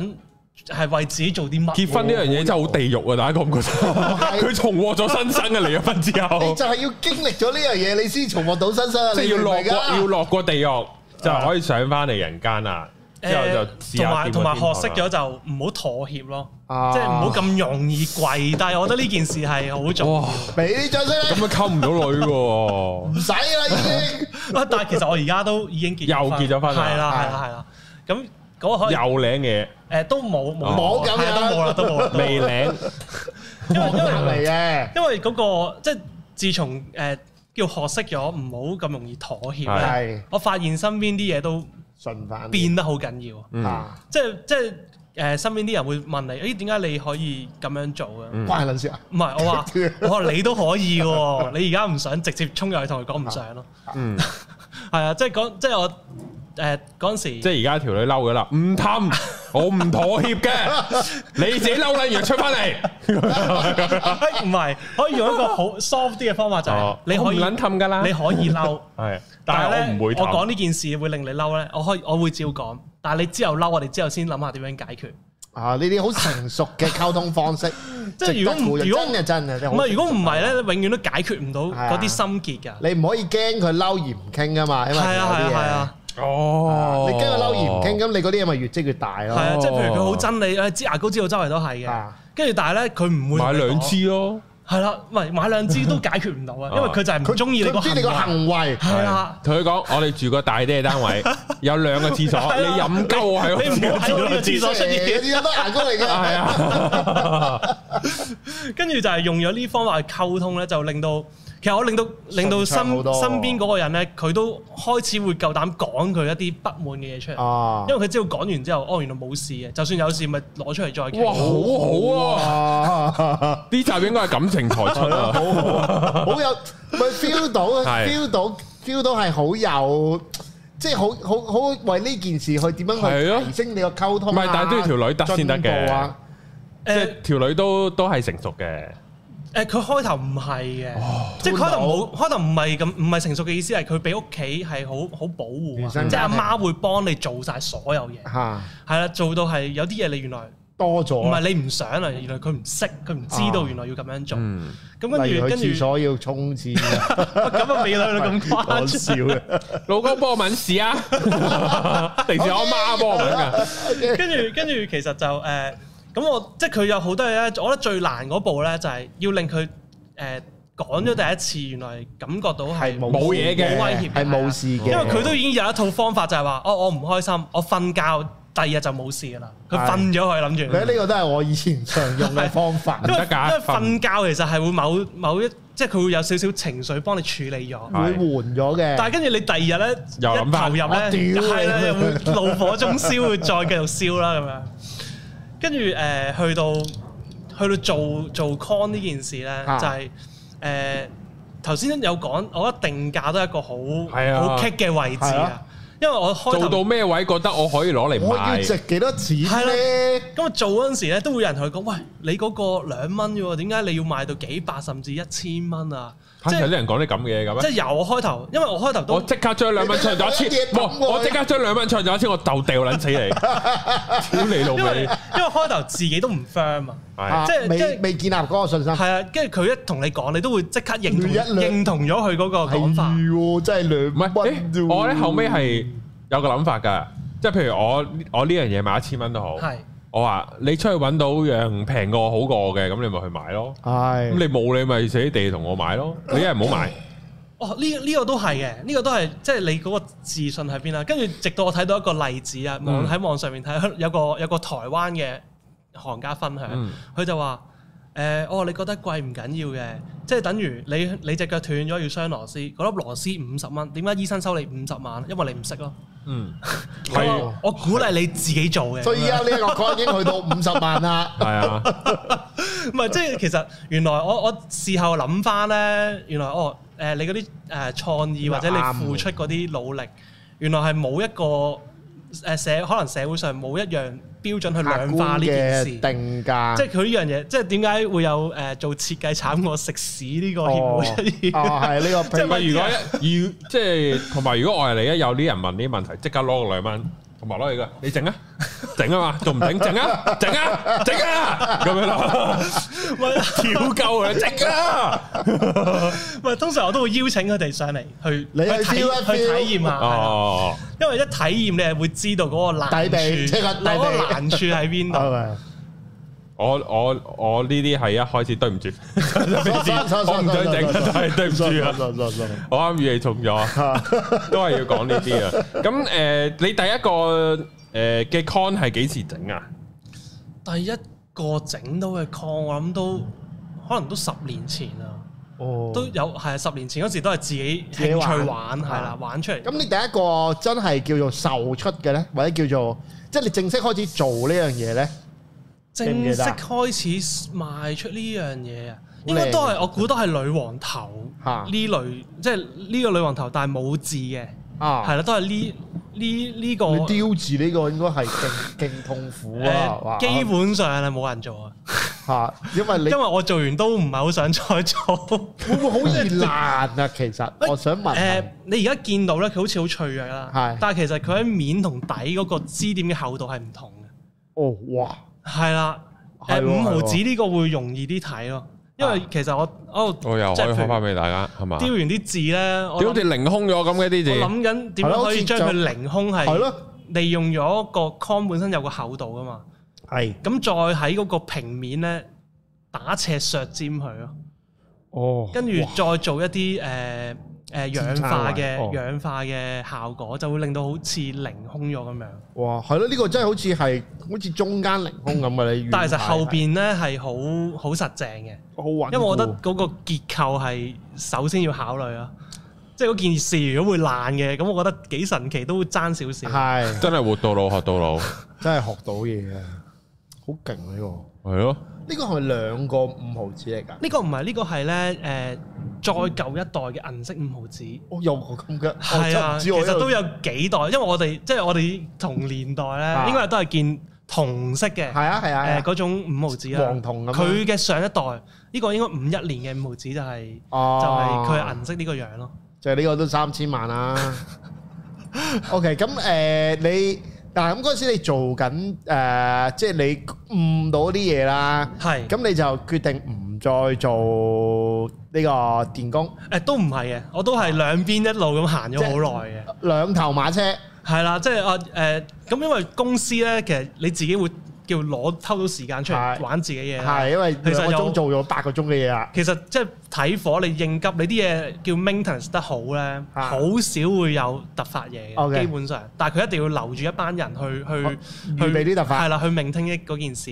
係為自己做啲乜？結婚呢樣嘢真係好地獄啊！哦、大家覺唔覺得？佢、哦、 重獲咗新生啊！離咗婚之後，你就係要經歷咗呢樣嘢，你先重獲到新生啊！即係 要落過，要落過地獄。就可以上翻嚟人間啦，之後就同埋同埋學識咗就唔好妥協咯，即係唔好咁容易跪。但係我覺得呢件事係好重要。俾啲獎先，咁咪溝唔到女嘅？唔使啦，已經。啊，但係其實我而家都已經結又結咗婚，係啦係啦係啦。咁嗰個又領嘢？誒，都冇冇咁樣，都冇啦都冇啦，未領。因為因為未嘅，因為嗰個即係自從誒。要學識咗唔好咁容易妥協。係的，我發現身邊啲嘢,都變得好緊要。嗯，嗯即係即係誒、呃，身邊啲人會問你，誒、欸，點解你可以咁樣做嘅？關係論事啊，唔係我話，我話 你都可以。 你而家唔想直接衝入去同佢講唔上咯。嗯，係啊、嗯， 即係講，即係我。誒，嗰時即係而家條女嬲噶啦，唔氹，我唔妥協嘅。你自己嬲啦，而出翻嚟，唔係可以用一個好 soft 啲嘅方法，就係你可以氹噶啦，你可以嬲，係，但係咧我唔會我講呢件事會令你嬲咧，我可以我會照講，但係你之後嬲，我哋之後先諗下點樣解決。啊，呢啲好成熟嘅溝通方式，即係如果唔真嘅真嘅，唔係如果唔係咧，永遠都解決唔到嗰啲心結噶。你唔可以驚佢嬲而唔傾噶嘛，因為啲嘢。哦，你傾個嬲而唔傾，咁你嗰啲係咪越積越大咯？係啊，即係譬如佢好憎你，支牙膏知道周圍都係嘅。跟住，但係咧，佢唔會買兩支咯。係啦，唔係買兩支都解決唔到啊，因為佢就係唔中意你個行。你個行為係啦，同佢講，我哋住個大啲嘅單位，有兩個廁所。你飲夠係，你唔要住嗰個廁所出現，你有得牙膏嚟嘅。係啊，跟住就係用咗呢方法去溝通咧，就令到。其實我令到令到身身邊嗰個人咧，佢都開始會夠膽講佢一啲不滿嘅嘢出嚟，啊、因為佢知道講完之後，哦、喔、原來冇事嘅，就算有事咪攞出嚟再傾哇，好好啊！呢集應該係感情才出啊，好 對 有咪 feel 到 feel 到 feel 到係好有即係好好好為呢件事去點樣去提升你個溝通、啊。唔係，但係步、啊、都要條女得先得嘅。啊！即係條女都都係成熟嘅。 uh 誒佢開頭唔係嘅，即係開頭冇，開頭唔係咁，唔係成熟嘅意思係佢俾屋企係好好保護，即係阿媽會幫你做晒所有嘢，係啦，做到係有啲嘢你原來多咗，唔係你唔想啊，原來佢唔識，佢唔知道原來要咁樣做，咁跟住跟住所要衝刺，咁啊未嚟到咁搞笑，老公幫我問事啊，平時我媽幫我問嘅，跟住跟住其實就誒。咁我即係佢有好多嘢咧，我覺得最難嗰步咧就係要令佢誒講咗第一次，原來感覺到係冇嘢嘅威脅，係冇事嘅。因為佢都已經有一套方法，就係話：哦，我唔開心，我瞓覺，第二日就冇事噶啦。佢瞓咗佢諗住。呢個都係我以前常用嘅方法，是因為瞓覺其實係會某某一即係佢會有少少情緒幫你處理咗，是是會緩咗嘅。但係跟住你第二日咧，又投入咧，係啦，會怒火中燒，會再繼續燒啦，咁樣。跟住誒去到去到做做 con 呢件事呢，啊、就係誒頭先有講，我覺得定價都係一個好好 key 嘅位置啊，因為我開到咩位覺得我可以攞嚟賣？我要值幾多錢咧？咁、啊、我做嗰陣時咧，都會有人同佢講：喂，你嗰個兩蚊嘅喎，點解你要賣到幾百甚至一千蚊啊？即係啲人講啲咁嘅嘢，咁即係由我開頭，因為我開頭都我即刻將兩蚊唱咗一次。一啊、我即刻將兩蚊唱咗一次，我就掉撚死你，屌你老味！因為因為開頭自己都唔 firm 啊，即係未未建立嗰個信心。係啊，跟住佢一同你講，你都會即刻認同一認同咗佢嗰個講法喎、啊，真係兩蚊啫、欸。我咧後尾係有個諗法㗎，即係譬如我我呢樣嘢買一千蚊都好。我話你出去揾到樣平過好過嘅，咁你咪去買咯。係的，咁你冇你咪死地同我買咯。你一係唔好買。哦，呢呢、這個這個都係嘅，呢個都係即係你嗰個自信喺邊呀？跟住直到我睇到一個例子啊，嗯、網喺網上面睇，有個有個台灣嘅行家分享，佢、嗯、就話：誒、呃，我、哦、話你覺得貴唔緊要嘅，即係等於你你隻腳斷咗要鑲螺絲，嗰粒螺絲五十蚊，點解醫生收你五十萬？因為你唔識咯。嗯，係我鼓勵你自己做嘅。的樣所以而家呢一個我已經去到五十萬啦。係啊， 唔係即係其實原來我我事後諗翻咧，原來哦誒、呃、你嗰啲誒創意或者你付出嗰啲努力，原來係冇一個誒、呃、社，可能社會上冇一樣。標準去量化呢件事，定價，即係佢呢樣嘢，即係點解會有誒、呃、做設計慘我食屎呢個協會出現？哦，係呢個，即係如果要， 即係同埋如果外嚟，一有啲人問呢啲問題，即刻攞個兩蚊，同埋攞嚟噶，你整啊，整啊嘛，仲唔整，整啊，整啊，整啊，咁樣咯，喂！跳夠佢整啊，喂、啊！通常我都會邀請佢哋上嚟去，你係去跳一跳，feel 去體驗下，哦、因為一體驗你係會知道嗰個難處，嗰個難處喺邊度？ okay. 我我我呢啲係一開始，對唔住，我唔想整，係對唔住啊！我啱語氣重咗，都係要講呢啲啊！咁誒，你第一個誒嘅 coin 係幾時整啊？第一個整到嘅 coin，我諗都可能都十年前啊，都有係十年前嗰時，都係自己興趣玩係啦，玩出嚟。咁你第一個真係叫做售出嘅咧，或者叫做即係你正式開始做呢樣嘢咧？正式開始賣出呢樣嘢啊，應該都係我估都係女王頭呢類，即係呢個女王頭，但係冇字嘅，係咯，都係呢呢呢個。你雕字呢個應該係勁勁痛苦嘅，基本上係冇人做啊，嚇，因為你因為我做完都唔係好想再做，會唔會好易爛啊？其實我想問誒，你而家見到咧，佢好似好脆弱啦，係，但係其實佢喺面同底嗰個支點嘅厚度係唔同嘅。哦，哇！係啦，誒的五毫子呢個會容易啲睇咯，的因為其實我我我又可以開發俾大家係嘛，雕完啲字咧，雕到凌空咗咁嘅啲字，我諗緊點樣可以將佢凌空係，的利用咗個框本身有個厚度噶嘛，係的，咁再喺嗰個平面咧打斜削尖佢咯，哦，跟住再做一啲誒。誒，氧化嘅氧化嘅效果，就會令到好似凌空咗咁樣。哇，係咯，呢、呢個真係好似係好似中間凌空咁嘅你。但係實後邊咧係好好實淨嘅，哦、因為我覺得嗰個結構係首先要考慮啊。即係嗰件事如果會爛嘅，咁我覺得幾神奇都會點點，都爭少少。係真係活到老學到老， 真係學到嘢啊！好勁啊呢個係咯。呢個係兩個五毫紙嚟㗎？呢個唔係，呢、這個係咧誒，再舊一代嘅銀色五毫紙、哦。哦，有冇咁㗎？係啊，其實都有幾代，因為我哋即係我哋同年代咧，應該都係見銅色嘅。係啊係啊，誒嗰、呃、種五毫紙啊，黃銅佢嘅上一代，呢、這個應該五一年嘅五毫紙就係、是，哦、就係佢銀色呢個樣咯。就係呢個都三千萬啦、啊。 OK，咁誒、呃、你。但嗱咁嗰陣時你，你做緊誒，即係你悟到啲嘢啦，係咁是你就決定唔再做呢個電工。誒、呃、都唔係嘅，我都係兩邊一路咁行咗好耐嘅，兩頭馬車係啦，即係啊誒咁，因為公司咧其實你自己會。叫攞偷到時間出嚟玩自己嘢，係因為兩個鐘做咗八個鐘嘅嘢啊！其實即係睇火，你應急，你啲嘢叫 maintenance 得好咧，好的少會有突發嘢，Okay. 基本上。但係佢一定要留住一班人去、啊、去準備啲突發，係啦，去命聽一嗰件事。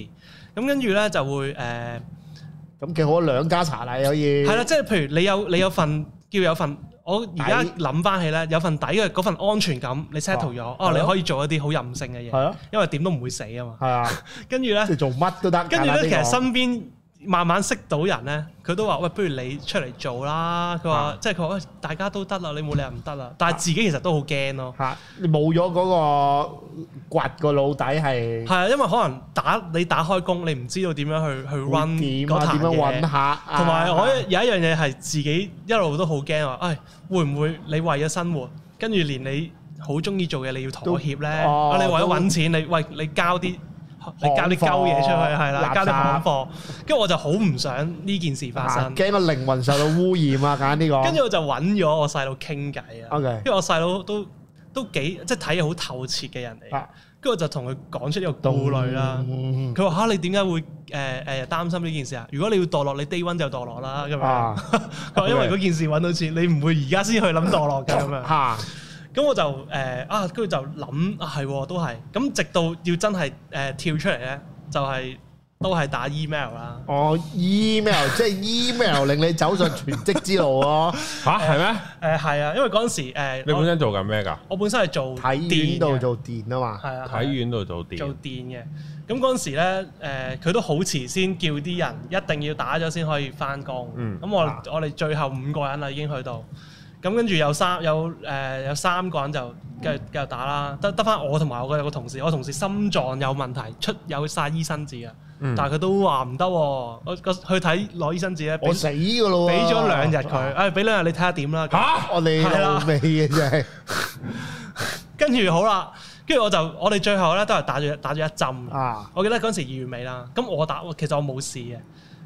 咁跟住咧就會誒，咁、呃、幾好，兩家茶禮可以。係啦，即、就、係、是、譬如你有你有，你有份 叫有份。我而家諗翻起咧，底有份底嘅嗰份安全感，你 settle 咗、啊哦，你可以做一啲好任性嘅嘢，啊、因為點都唔會死啊嘛。跟住、啊、 呢，即係做乜都得。跟住呢，其實身邊。慢慢識到人呢，佢都話：喂、哎，不如你出嚟做啦！佢話：即係佢話，大家都得啦，你冇理由唔得啦。但係自己其實都好驚咯。嚇、啊！冇咗嗰個掘個腦底係係啊，因為可能打你打開工，你唔知道點樣去去 run 嗰台嘢。點樣揾下、啊？同埋我有一樣嘢係自己一路都好驚啊！誒、哎，會唔會你為咗生活，跟住連你好中意做嘅你要妥協呢？哦哦、你為咗揾錢，你喂你交啲。嗯你教啲鳩嘢出去係啦，教啲補課，跟住我就好唔想呢件事發生。驚個靈魂受到污染啊！講呢個，跟住我就揾咗我細佬傾偈啊。因為我細佬都都幾即係睇嘢好透徹嘅人嚟。跟住我就同佢講出呢個道慮啦。佢話吓你點解會誒誒擔心呢件事啊？如果你要墮落，你低 a 就墮落啦。咁樣佢話因為嗰件事揾到錢，你唔會而家先去諗墮落噶嘛。咁我就誒啊，跟住就諗係都係，咁直到要真係誒跳出嚟咧，就係都係打 email 啦。哦，email 即係 email 令你走上全職之路喎？吓？係咩？誒係啊，因為嗰陣時你本身做緊咩㗎？我本身係做喺醫院度做電啊嘛。係啊，喺醫院度做電。做電嘅，咁嗰陣時咧誒，佢都好遲先叫啲人一定要打咗先可以返工。嗯，咁我我哋最後五個人啦，已經去到。咁跟住有三有誒、呃、有三個人就繼續繼續打啦，得得返我同埋我個有個同事，我同事心臟有問題，出有曬醫生紙啊，嗯、但係佢都話唔得，我個去睇攞醫生紙咧，我死噶咯，俾咗兩日佢，誒俾兩日你睇下點啦嚇，我哋老味嘅真係，跟住好啦，跟住我就我哋最後咧都係打咗打咗一針啊，我記得嗰陣時二月尾啦，咁我打其實我冇事嘅。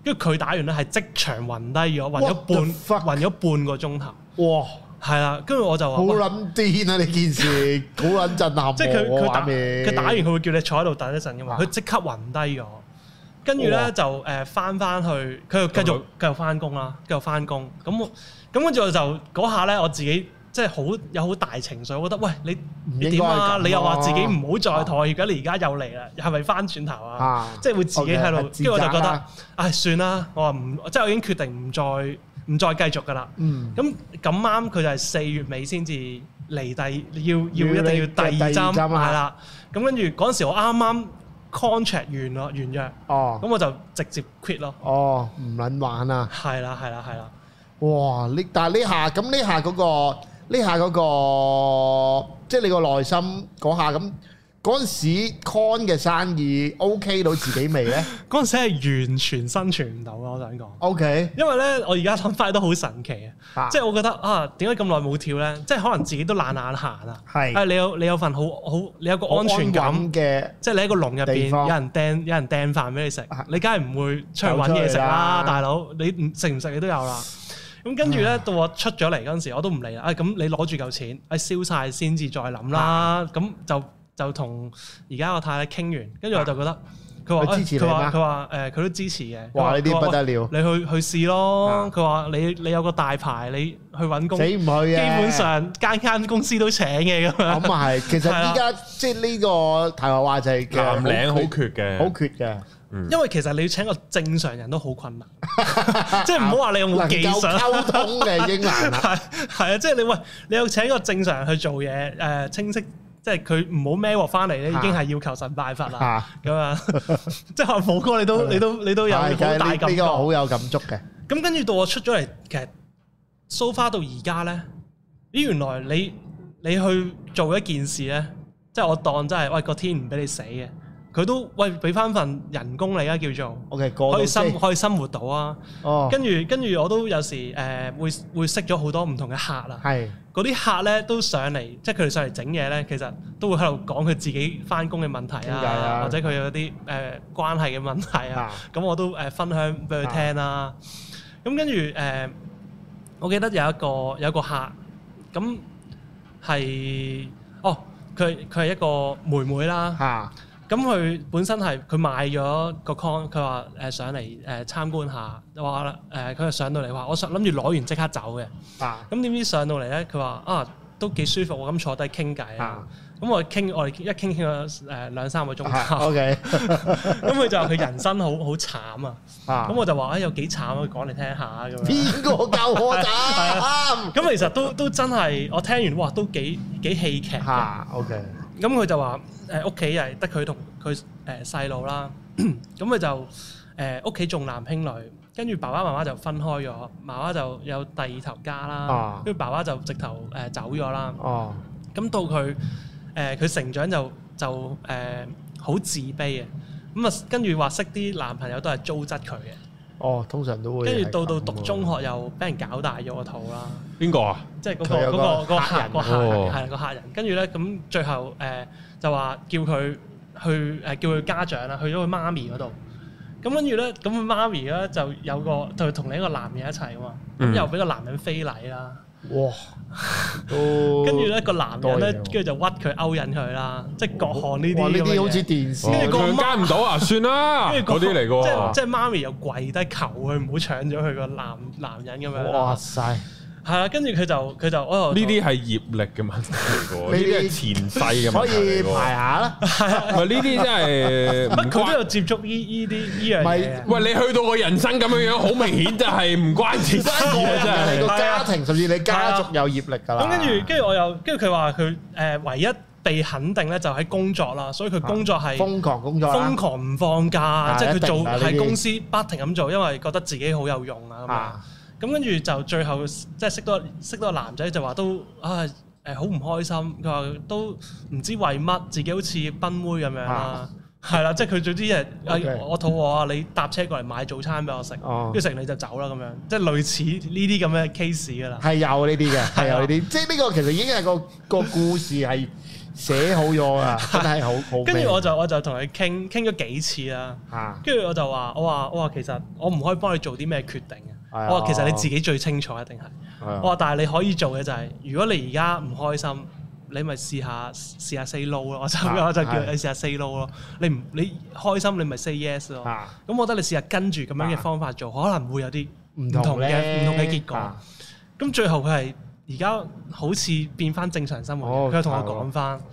跟住佢打完咧，係即場暈低咗，暈咗半，暈咗半個鐘頭。哇！係啦，跟住我就話：好撚癲啊！你件事好撚震撼。即係佢佢打完，佢打完佢會叫你坐喺度等一陣嘅嘛。佢即刻暈低咗，跟住咧就誒翻翻去，佢又繼續繼續翻工啦，繼續翻工。咁咁跟住我就嗰下咧，我自己。即係好有好大情緒，我覺得喂，你唔點啊？你又話自己唔好再妥協，而家你而家又嚟啦，係咪翻轉頭啊？即係會自己喺度，跟住我就覺得，唉算啦，我話唔即係我已經決定唔再唔再繼續㗎啦。咁咁啱佢就係四月尾先至嚟第要要一定要第二針係啦。咁跟住嗰陣時我啱啱 contract 完咯，完約。哦，咁我就直接 quit 咯。哦，唔撚玩啊！係啦係啦係啦。哇！呢但係呢下咁呢下嗰個。呢下嗰、嗰個即係你個內心講下咁，嗰陣時 coin 嘅生意 OK 到自己未咧？嗰陣 時係完全生存唔到啊！我想講 OK，因為咧我而家諗翻都好神奇啊！即係我覺得啊，點解咁耐冇跳咧？即係可能自己都懶懶行懶懶閒啊！係是、哎、你有你有份好好，你有個安全感嘅，即係你喺個籠入邊，有人掟有人掟飯俾你食，啊、你梗係唔會出去揾嘢食啦，大佬！你食唔食你都有啦。 咁、嗯嗯、跟住咧，到我出咗嚟嗰陣時，我都唔理、啊嗯嗯啊、啦。哎、嗯，咁你攞住嚿錢，哎燒晒先至再諗啦。咁就就同而家我太太傾完，跟住我就覺得佢話，佢話，佢、哎、話，誒，佢、哎哎、都支持嘅。哇！呢啲不得了，哎、你去去試咯。佢話、嗯、你你有個大牌，你去揾工，死唔去、啊，基本上間間公司都請嘅咁。咁啊係，其實依家即係呢個題外話就係 男領好缺嘅，好缺嘅。因為其實你要請個正常人都好困難，即係唔好話你有冇技術溝通嘅，已經難係啊，即係你喂，你要請一個正常人去做嘢，誒、呃，清晰，即係佢唔好孭鑊翻嚟咧，啊、已經係要求神拜佛啦。咁啊，樣 即係寶哥你吧你，你都你都你都有好大感覺，呢個好有感觸嘅。咁跟住到我出咗嚟其實，so far 到而家咧，咦，原來你你，你去做一件事咧，即、就、係、是、我當真係喂個天唔俾你死嘅。佢都喂俾翻份人工你啊叫做 OK，可以生可以生活到啊。哦、okay,，跟住跟住我都有時誒會,會會識咗好多唔同嘅客啦。係嗰啲客咧都上嚟，即係佢哋上嚟整嘢咧，其實都會喺度講佢自己翻工嘅問題,、呃、問題啊，或者佢有啲誒關係嘅問題啊。咁我都誒分享俾佢聽啦。咁跟住誒，我記得有一個有一個客咁係哦，佢佢係一個妹妹啦。啊。咁佢本身係佢買咗個 con，佢話誒上嚟誒參觀下，話誒佢上到嚟話，我想諗住攞完即刻走嘅。啊！咁點知上到嚟咧，佢話啊都幾舒服喎，咁坐低傾偈啊。咁我傾我哋一傾傾咗誒兩三個鐘。O K。咁佢就話佢人生好好慘啊。啊！咁我就話誒有幾慘啊，講嚟聽下啊咁樣。邊個夠我慘？咁其實都都真係我聽完哇，都幾幾戲劇嘅。O K。咁佢就話。誒屋企又係得佢同佢誒細路啦，咁佢 就誒屋企重男輕女，跟住爸爸媽媽就分開咗，媽媽就有第二頭家啦，跟住爸爸就直頭誒走咗啦。哦、啊，咁到佢誒佢成長就就誒好、呃、自卑嘅，咁啊跟住話識啲男朋友都係糟質佢嘅。哦，通常都會跟住到到讀中學又俾人搞大咗個肚啦。邊個啊？即係嗰、嗰個嗰客個客人係個客人。跟住咧咁最後誒、呃、就話叫佢去誒叫佢家長啦，去咗佢媽咪嗰度。咁跟住咧咁佢媽咪咧就有個就同另一個男人一齊啊嘛。咁又俾個男人非禮啦。嗯哇跟住咧個男人咧，跟住就屈佢勾引佢啦，即係各項呢啲。哇，呢啲好似電視。跟住佢爭唔到啊，算啦。跟住嗰啲嚟噶。即係即係媽咪又跪低求佢唔好搶咗佢個男男人咁樣。哇晒。係啦，跟住佢就佢就哦，呢啲係業力嘅問題，呢啲係前世嘅問題。可以排下啦。唔係呢啲真係唔關。佢都有接觸呢呢啲呢樣嘢。喂，你去到個人生咁樣樣，好明顯就係唔關事，關我真係個家庭，甚至你家族有業力噶啦。咁跟住，跟住我又跟住佢話佢誒，唯一被肯定咧就喺工作啦，所以佢工作係瘋狂工作，瘋狂唔放假，即係佢做喺公司不停咁做，因為覺得自己好有用啊咁啊。咁跟住就最後即係識多識多個男仔就話都啊誒好唔開心，佢話都唔知為乜自己好似賓妹咁樣啦、啊，係啦、啊，即係佢總之就係誒我肚餓啊，你搭車過嚟買早餐俾我食，跟住食完你就走啦咁樣，即係類似呢啲咁嘅 case 噶啦。係有呢啲嘅，係有呢啲， 即係呢個其實已經係個個故事係寫好咗噶， 真係好，跟住我就我就同佢傾傾咗幾次啦，跟住我就話我話我話其實我唔可以幫你做啲咩決定。我話其實你自己最清楚一定係， 我話但係你可以做嘅就係，如果你而家唔開心，你咪試下試下 say no 咯，我就我就叫你試下 say no 咯。 你唔你開心你咪 say yes 咯。咁 我覺得你試下跟住咁樣嘅方法做，可能會有啲唔同嘅唔同嘅結果。咁 最後佢係而家好似變翻正常生活，佢同 我講翻。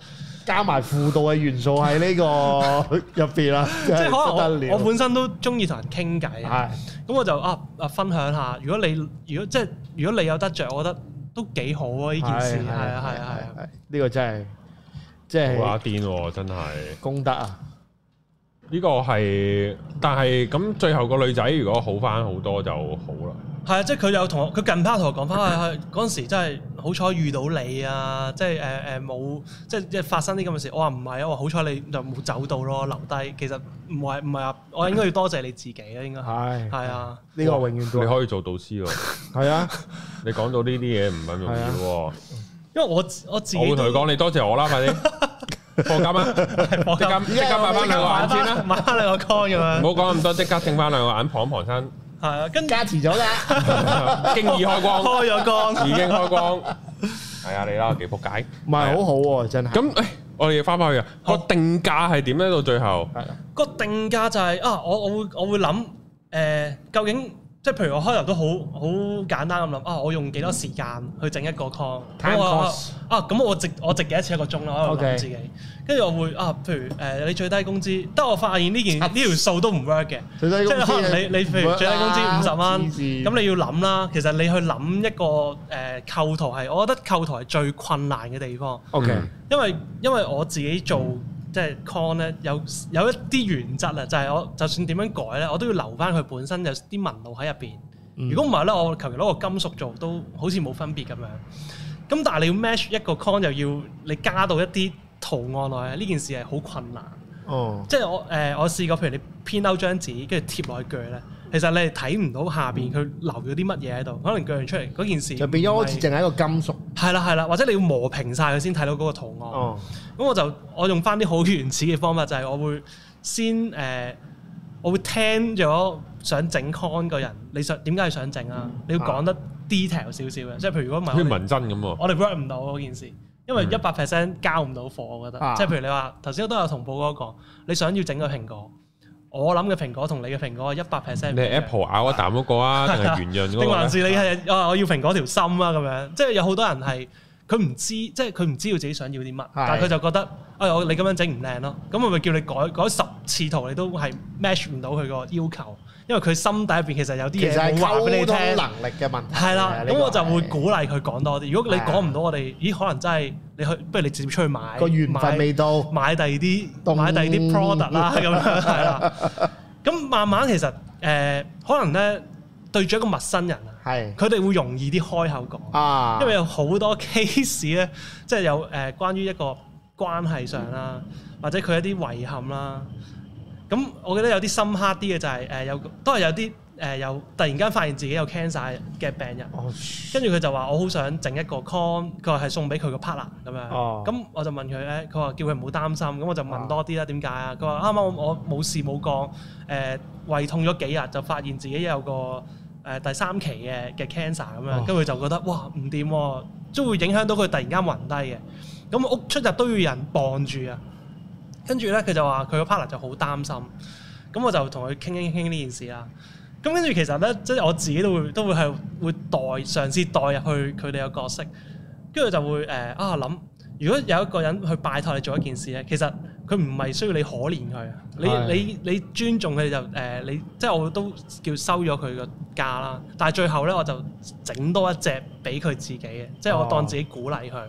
加埋輔導嘅元素喺呢個入邊啊， 即係可能我本身都中意同人傾偈是啊，咁我就啊啊分享下。如果你如果即係如果你有得着，我覺得都幾好啊呢是件事係啊係啊係啊！呢個真係即係好癲喎，真係是功德啊！呢個係，但係咁最後個女仔如果好翻好多就好啦。係啊，即係佢有同佢近排同我講翻，佢嗰陣時真係好彩遇到你啊！即係誒誒冇，即係即係發生啲咁嘅事。我話唔係啊，我好彩你就冇走到咯，留低。其實唔係唔係啊，我應該要多謝你自己啊，應該係係啊。呢個永遠都你可以做導師喎。係啊，你講到呢啲嘢唔係容易喎。因為我我自己，我同佢講你多謝我啦，反正。莫家文，即刻即刻抹翻兩個眼先啦，抹翻兩個 con 咁樣。唔好講咁多，即刻掟翻兩個眼旁旁身。係啊，跟價遲咗啦，經已開光，開咗光，已經開光，係啊，你啦幾撲街，唔係好好喎，真係。咁我哋要翻返去啊，個定價係點咧？到最後，個定價就係啊，我我會我會諗，誒，究竟。即係譬如我開頭都好好簡單咁諗，啊我用幾多時間去整一個 coin，time cost 啊咁我值我值幾多錢一個鐘啦？喺度諗自己，跟住 Okay. 我會啊，譬如誒、呃、你最低工資，得我發現呢件呢條數都唔 work 嘅，即係可能你你譬如最低工資五十蚊，咁、啊、你要諗啦。其實你去諗一個誒、呃、構圖係，我覺得構圖係最困難嘅地方。Okay. 嗯、因為因為我自己做、嗯。即係 coin 咧有有一啲原則啊，就係、是、我就算點樣改咧，我都要留翻佢本身有啲紋路喺入邊。如果唔係咧，我求其攞個金屬做都好似冇分別咁樣。咁但係你要 match 一個 coin，又要你加到一啲圖案落去，呢件事係好困難。哦，即係我誒、呃、我試過，譬如你 print out 張紙跟住貼落去鋸咧。其實你係睇唔到下邊佢留咗啲乜嘢喺度，可能鋸完出嚟嗰件事就變咗好似淨係一個金屬。係啦係啦，或者你要磨平晒佢先睇到嗰個圖案。咁、哦、我就我用翻啲好原始嘅方法，就係、是、我會先誒、呃，我會聽咗想整 con 嘅人，你想點解係想整啊？嗯、你要講得 detail 少少嘅，即係、啊、譬如如果唔文真咁喎。我哋 work 唔到嗰件事，因為一百 percent 交唔到貨，我覺得。即係、嗯、譬如你話頭先都有同寶哥、那、講、個，你想要整個蘋果。我諗嘅蘋果同你嘅蘋果係一百 percent。你 Apple 咬一啖嗰個啊，定係圓潤嗰個。定還是你係我要蘋果條心啊！咁樣，即係有好多人係佢唔知，即係佢唔知道自己想要啲乜，是但係佢就覺得、哎、啊，我你咁樣整唔靚咯。咁我咪叫你改改十次圖，你都係 match 唔到佢個要求？因為佢心底入邊其實有啲嘢冇話俾你聽，能力嘅問題，係啦、啊，咁的我就會鼓勵佢講多啲。如果你講唔到我，我哋的咦，可能真係你去，不如你直接出去買個緣分未到，買第二啲買第二啲 product 啦、嗯，咁樣係啦。咁慢慢其實誒、呃，可能咧對住一個陌生人啊，係佢哋會容易啲開口講啊，的因為有好多 case 咧，即係有誒關於一個關係上啦，或者佢一啲遺憾啦。咁我記得有啲深刻啲嘅就係、是、誒、呃、有都係、呃、有啲誒又突然間發現自己有 cancer 嘅病人，跟住佢就話我好想整一個 coin，佢話係送俾佢個 partner 咁樣。咁、oh. 我就問佢咧，佢話叫佢唔好擔心，咁我就問多啲啦，點解啊？佢話啱啱我冇事冇幹，誒、呃、胃痛咗幾日就發現自己有個誒、呃、第三期嘅嘅 cancer 咁樣，跟住、oh. 就覺得哇唔掂，都、啊、會影響到佢突然間暈低嘅，咁屋出入都要人，人綁住啊。跟住咧，佢就話佢個 partner 就好擔心，咁我就同佢傾傾傾呢件事啦。咁跟住其實咧，即係我自己都會都會係會代嘗試代入去佢哋嘅角色，跟住就會誒啊諗，如果有一個人去拜託你做一件事咧，其實佢唔係需要你可憐佢，你是你你，你尊重佢就誒、呃，你即係我都叫收咗佢個價啦。但係最後咧，我就整多一隻俾佢自己嘅，即係我當自己鼓勵佢哦。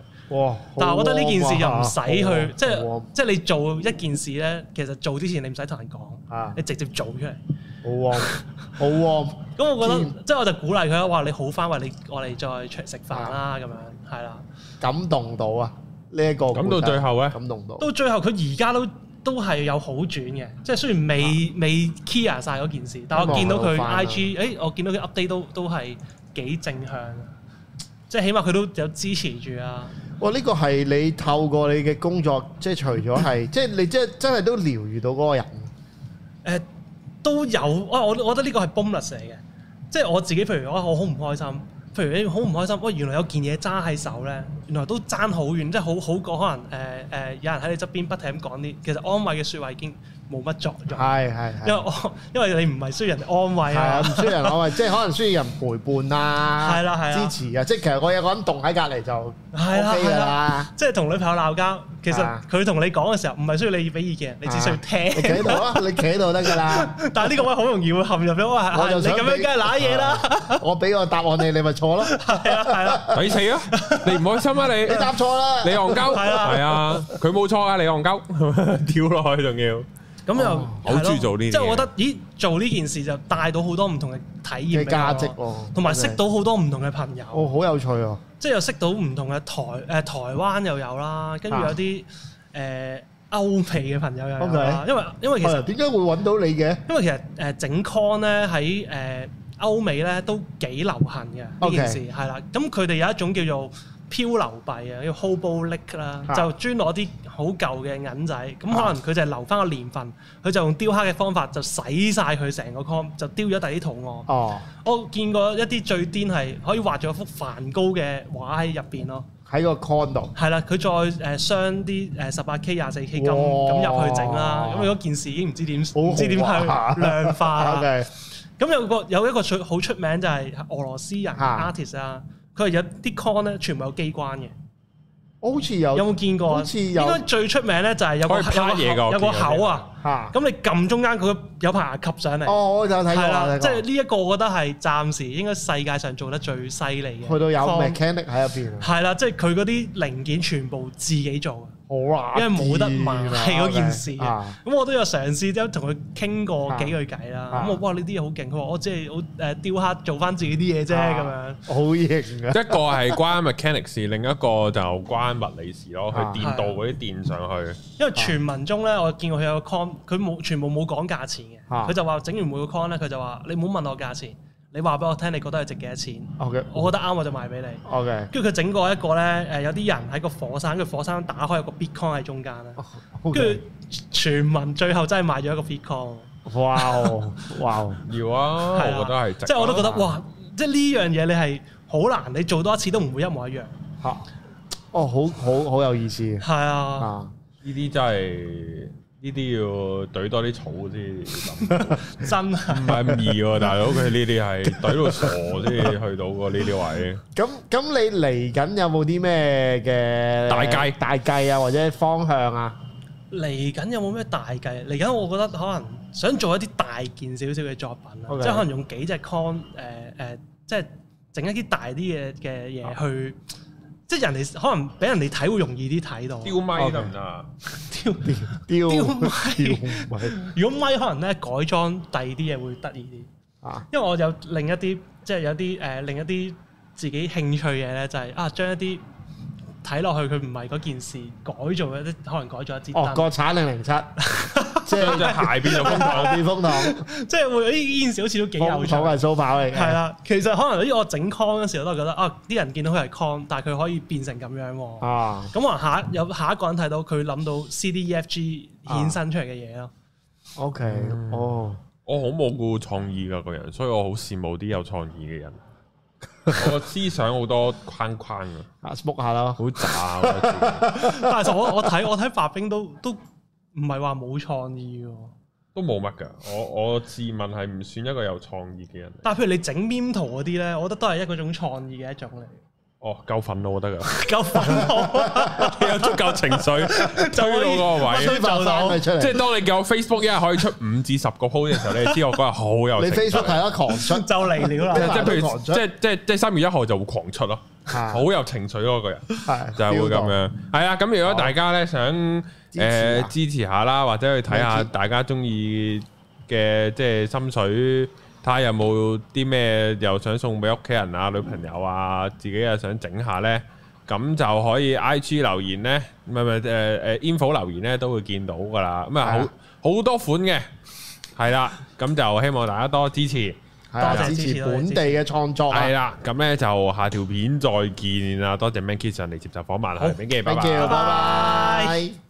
但係我覺得呢件事又唔使去，即係即係你做一件事呢，其實做之前你唔使同人講，你直接做出嚟。好 warm，好 warm。咁我覺得即係我就鼓勵佢啊，話你好翻，話你我哋再出嚟食飯啦，咁樣係啦。感動到啊？呢一個咁到最後呢，感動到。到最後佢而家都都係有好轉嘅，即係雖然未未 clear 晒嗰件事，但我見到佢 IG，誒我見到佢 update 都都係幾正向，即係起碼佢都有支持住啊。哇！呢、哦，這個係你透過你嘅工作，即係除咗係， 即係你即係真係都療愈到嗰個人。誒、呃、都有啊！我我覺得呢個係 bonus 嚟嘅，即係我自己。譬如我我好唔開心，譬如你好唔開心。哇！原來有件嘢揸喺手咧，原來都爭好遠，即係好好過可能誒誒、呃呃、有人喺你側邊不停咁講啲其實安慰嘅説話已經。冇乜作用，係係係，因為我因為你唔係需要人哋安慰啊，唔需要人安慰，即係可能需要人陪伴啊，係啦係啦，支持啊，即係其實我有個人棟喺隔離就係啦，即係同女朋友鬧交，其實佢同你講嘅時候唔係需要你俾意見，你只需要聽。你企喺度啊，你企喺度就得㗎啦。但係呢個位好容易會陷入咗啊！你咁樣梗係揦嘢啦。我俾個答案你，你咪錯咯。係啊係啊，抵死啊！你唔開心啊你？你答錯啦！你戇鳩係啊！佢冇錯啊！你戇鳩跳落去仲要。咁又好中意做呢啲，即係我覺得，咦，做呢件事就帶到好多唔同嘅體驗嘅價值同、啊、埋識到好多唔同嘅朋友。哦，好有趣啊！即係又識到唔同嘅台誒台灣又有啦，跟住有啲誒、啊呃、歐美嘅朋友又有啦。Okay. 因為因為其實點解會揾到你嘅？因為其實誒整 coin 咧喺誒歐美咧都幾流行嘅呢 Okay. 件事係啦。咁佢哋有一種叫做，漂流幣 Lake，啊，要 hobo lick 啦，就專攞啲好舊嘅銀仔，咁、啊、可能佢就係留翻個年份，佢就用雕刻嘅方法就洗晒佢成個 coin 就雕咗第啲圖案。哦、啊，我見過一啲最癲係可以畫咗幅梵高嘅畫喺入邊咯，喺個 coin 度。係啦，佢再誒鑲啲誒十八 K, K 哇、廿四 K 金咁入去整啦，咁嗰件事已經唔知點，唔知點去量化啦。咁有個有一個好出名就係俄羅斯人 artist 啊。 佢有啲 con 咧，全部有機關嘅。我好似有有冇見過啊？好似有，應該最出名咧就係有個有個有個口啊，咁、啊、你撳中間，佢有排牙吸上嚟。哦，我就睇過啦。即係呢一個，我覺得係暫時應該世界上做得最犀利嘅。去到有 mechanic 喺入邊啊！係啦，即係佢嗰啲零件全部自己做。我啊，因為冇得問嗰件事啊，咁 Okay ,、uh, 嗯、我都有嘗試即係同佢傾過幾句偈啦。咁、uh, 嗯、我哇呢啲嘢好勁，佢話我即係好誒雕刻做翻自己啲嘢啫咁樣，好型帥啊！ 一個係關 mechanics，另一個就關物理事咯。佢、uh, 電導嗰啲電上去，uh, 因為傳聞中咧，我見過佢有個 con，佢冇全部冇講價錢嘅，佢、uh, 就話整完每個 con 咧，佢就話你唔好問我價錢。你話俾我聽，你覺得係值幾多錢？Okay, okay, okay, 我覺得啱我就賣俾你。跟住佢整過一個咧，誒有啲人喺個火山，佢火山打開有個 bitcoin 喺中間啦。跟住 okay, 全民最後真係買咗一個 bitcoin。 哇！哇！要 啊！ 我我覺得係即係我都覺得，、啊、 覺得哇！即係呢樣嘢你係好難，你做多一次都唔會一模一樣。嚇！ 哦，好好好，好有意思。係 啊 t！呢啲真係～呢啲要堆多啲草先， 真的是 啊！唔係唔易喎，大佬，佢呢啲係堆到傻先去到個呢啲位。咁咁 你嚟緊有冇啲咩嘅大計大計啊，或者方向啊？嚟緊有冇咩大計？嚟緊我覺得可能想做一啲大件少少嘅作品啊，Okay. 即係可能用幾隻 coin 誒誒，即係整一啲大啲嘅嘅嘢去，啊、即係人哋可能俾人哋睇會容易啲睇到。丟麥啦！Okay. 如果咪麥可能咧，改裝第二啲嘢會得意啲。啊，因為我有另一啲，即、就、係、是、有啲誒、呃，另一啲自己興趣嘢咧、就是，就係啊，將一啲睇落去佢唔係嗰件事，改造一啲，可能改做一啲。哦，國產零零七。 即係隻鞋變咗風筒，變風筒，即係會，誒，呢件事好似都幾有趣。同埋掃把嚟嘅。係啦，其實可能呢，我整 con 嗰時我都覺得，啊，啲人見到佢係 con，但係佢可以變成咁樣。啊！咁可能下有下一個人睇到，佢諗到 c、d、e、f、g 衍生出嚟嘅嘢咯。啊、o、okay, K，、嗯、哦，我好冇故創意噶、那個人，所以我好羨慕啲有創意嘅人。個 思想好多框框啊！book 下啦，好渣。但係我我睇我睇白兵都都。都唔係話冇創意喎，都冇乜噶。我我自問係唔算一個有創意嘅人。 但係譬如你整 meme 圖嗰啲咧，我覺得都係一個種創意嘅一種嚟。哦，夠憤怒我得噶，夠憤怒，你有足夠情緒，推到嗰個位就走，即係當你有 Facebook 一日可以出五至十個 post 嘅時候，你知我嗰日好有，你 Facebook 係啊狂出就嚟了啦，即係譬如即係即係即係三月一號就會狂出咯，好有情緒嗰個人，係就係會咁樣，係啊，咁如果大家咧想誒支持下啦，或者去睇下大家中意嘅即係心水。睇下有冇啲咩又想送俾屋企人啊、女朋友啊，自己又想整下咧，咁就可以 I G 留言咧，唔係唔係誒誒，info 留言咧都會見到噶啦，咁啊的好好多款嘅。係啦，咁就希望大家多支持，多，謝 的多支持多本地嘅創作、啊，係啦，咁咧就下條片再見啊，多謝 Man k i s o n 嚟接受訪問啦，好，唔拜拜，拜拜。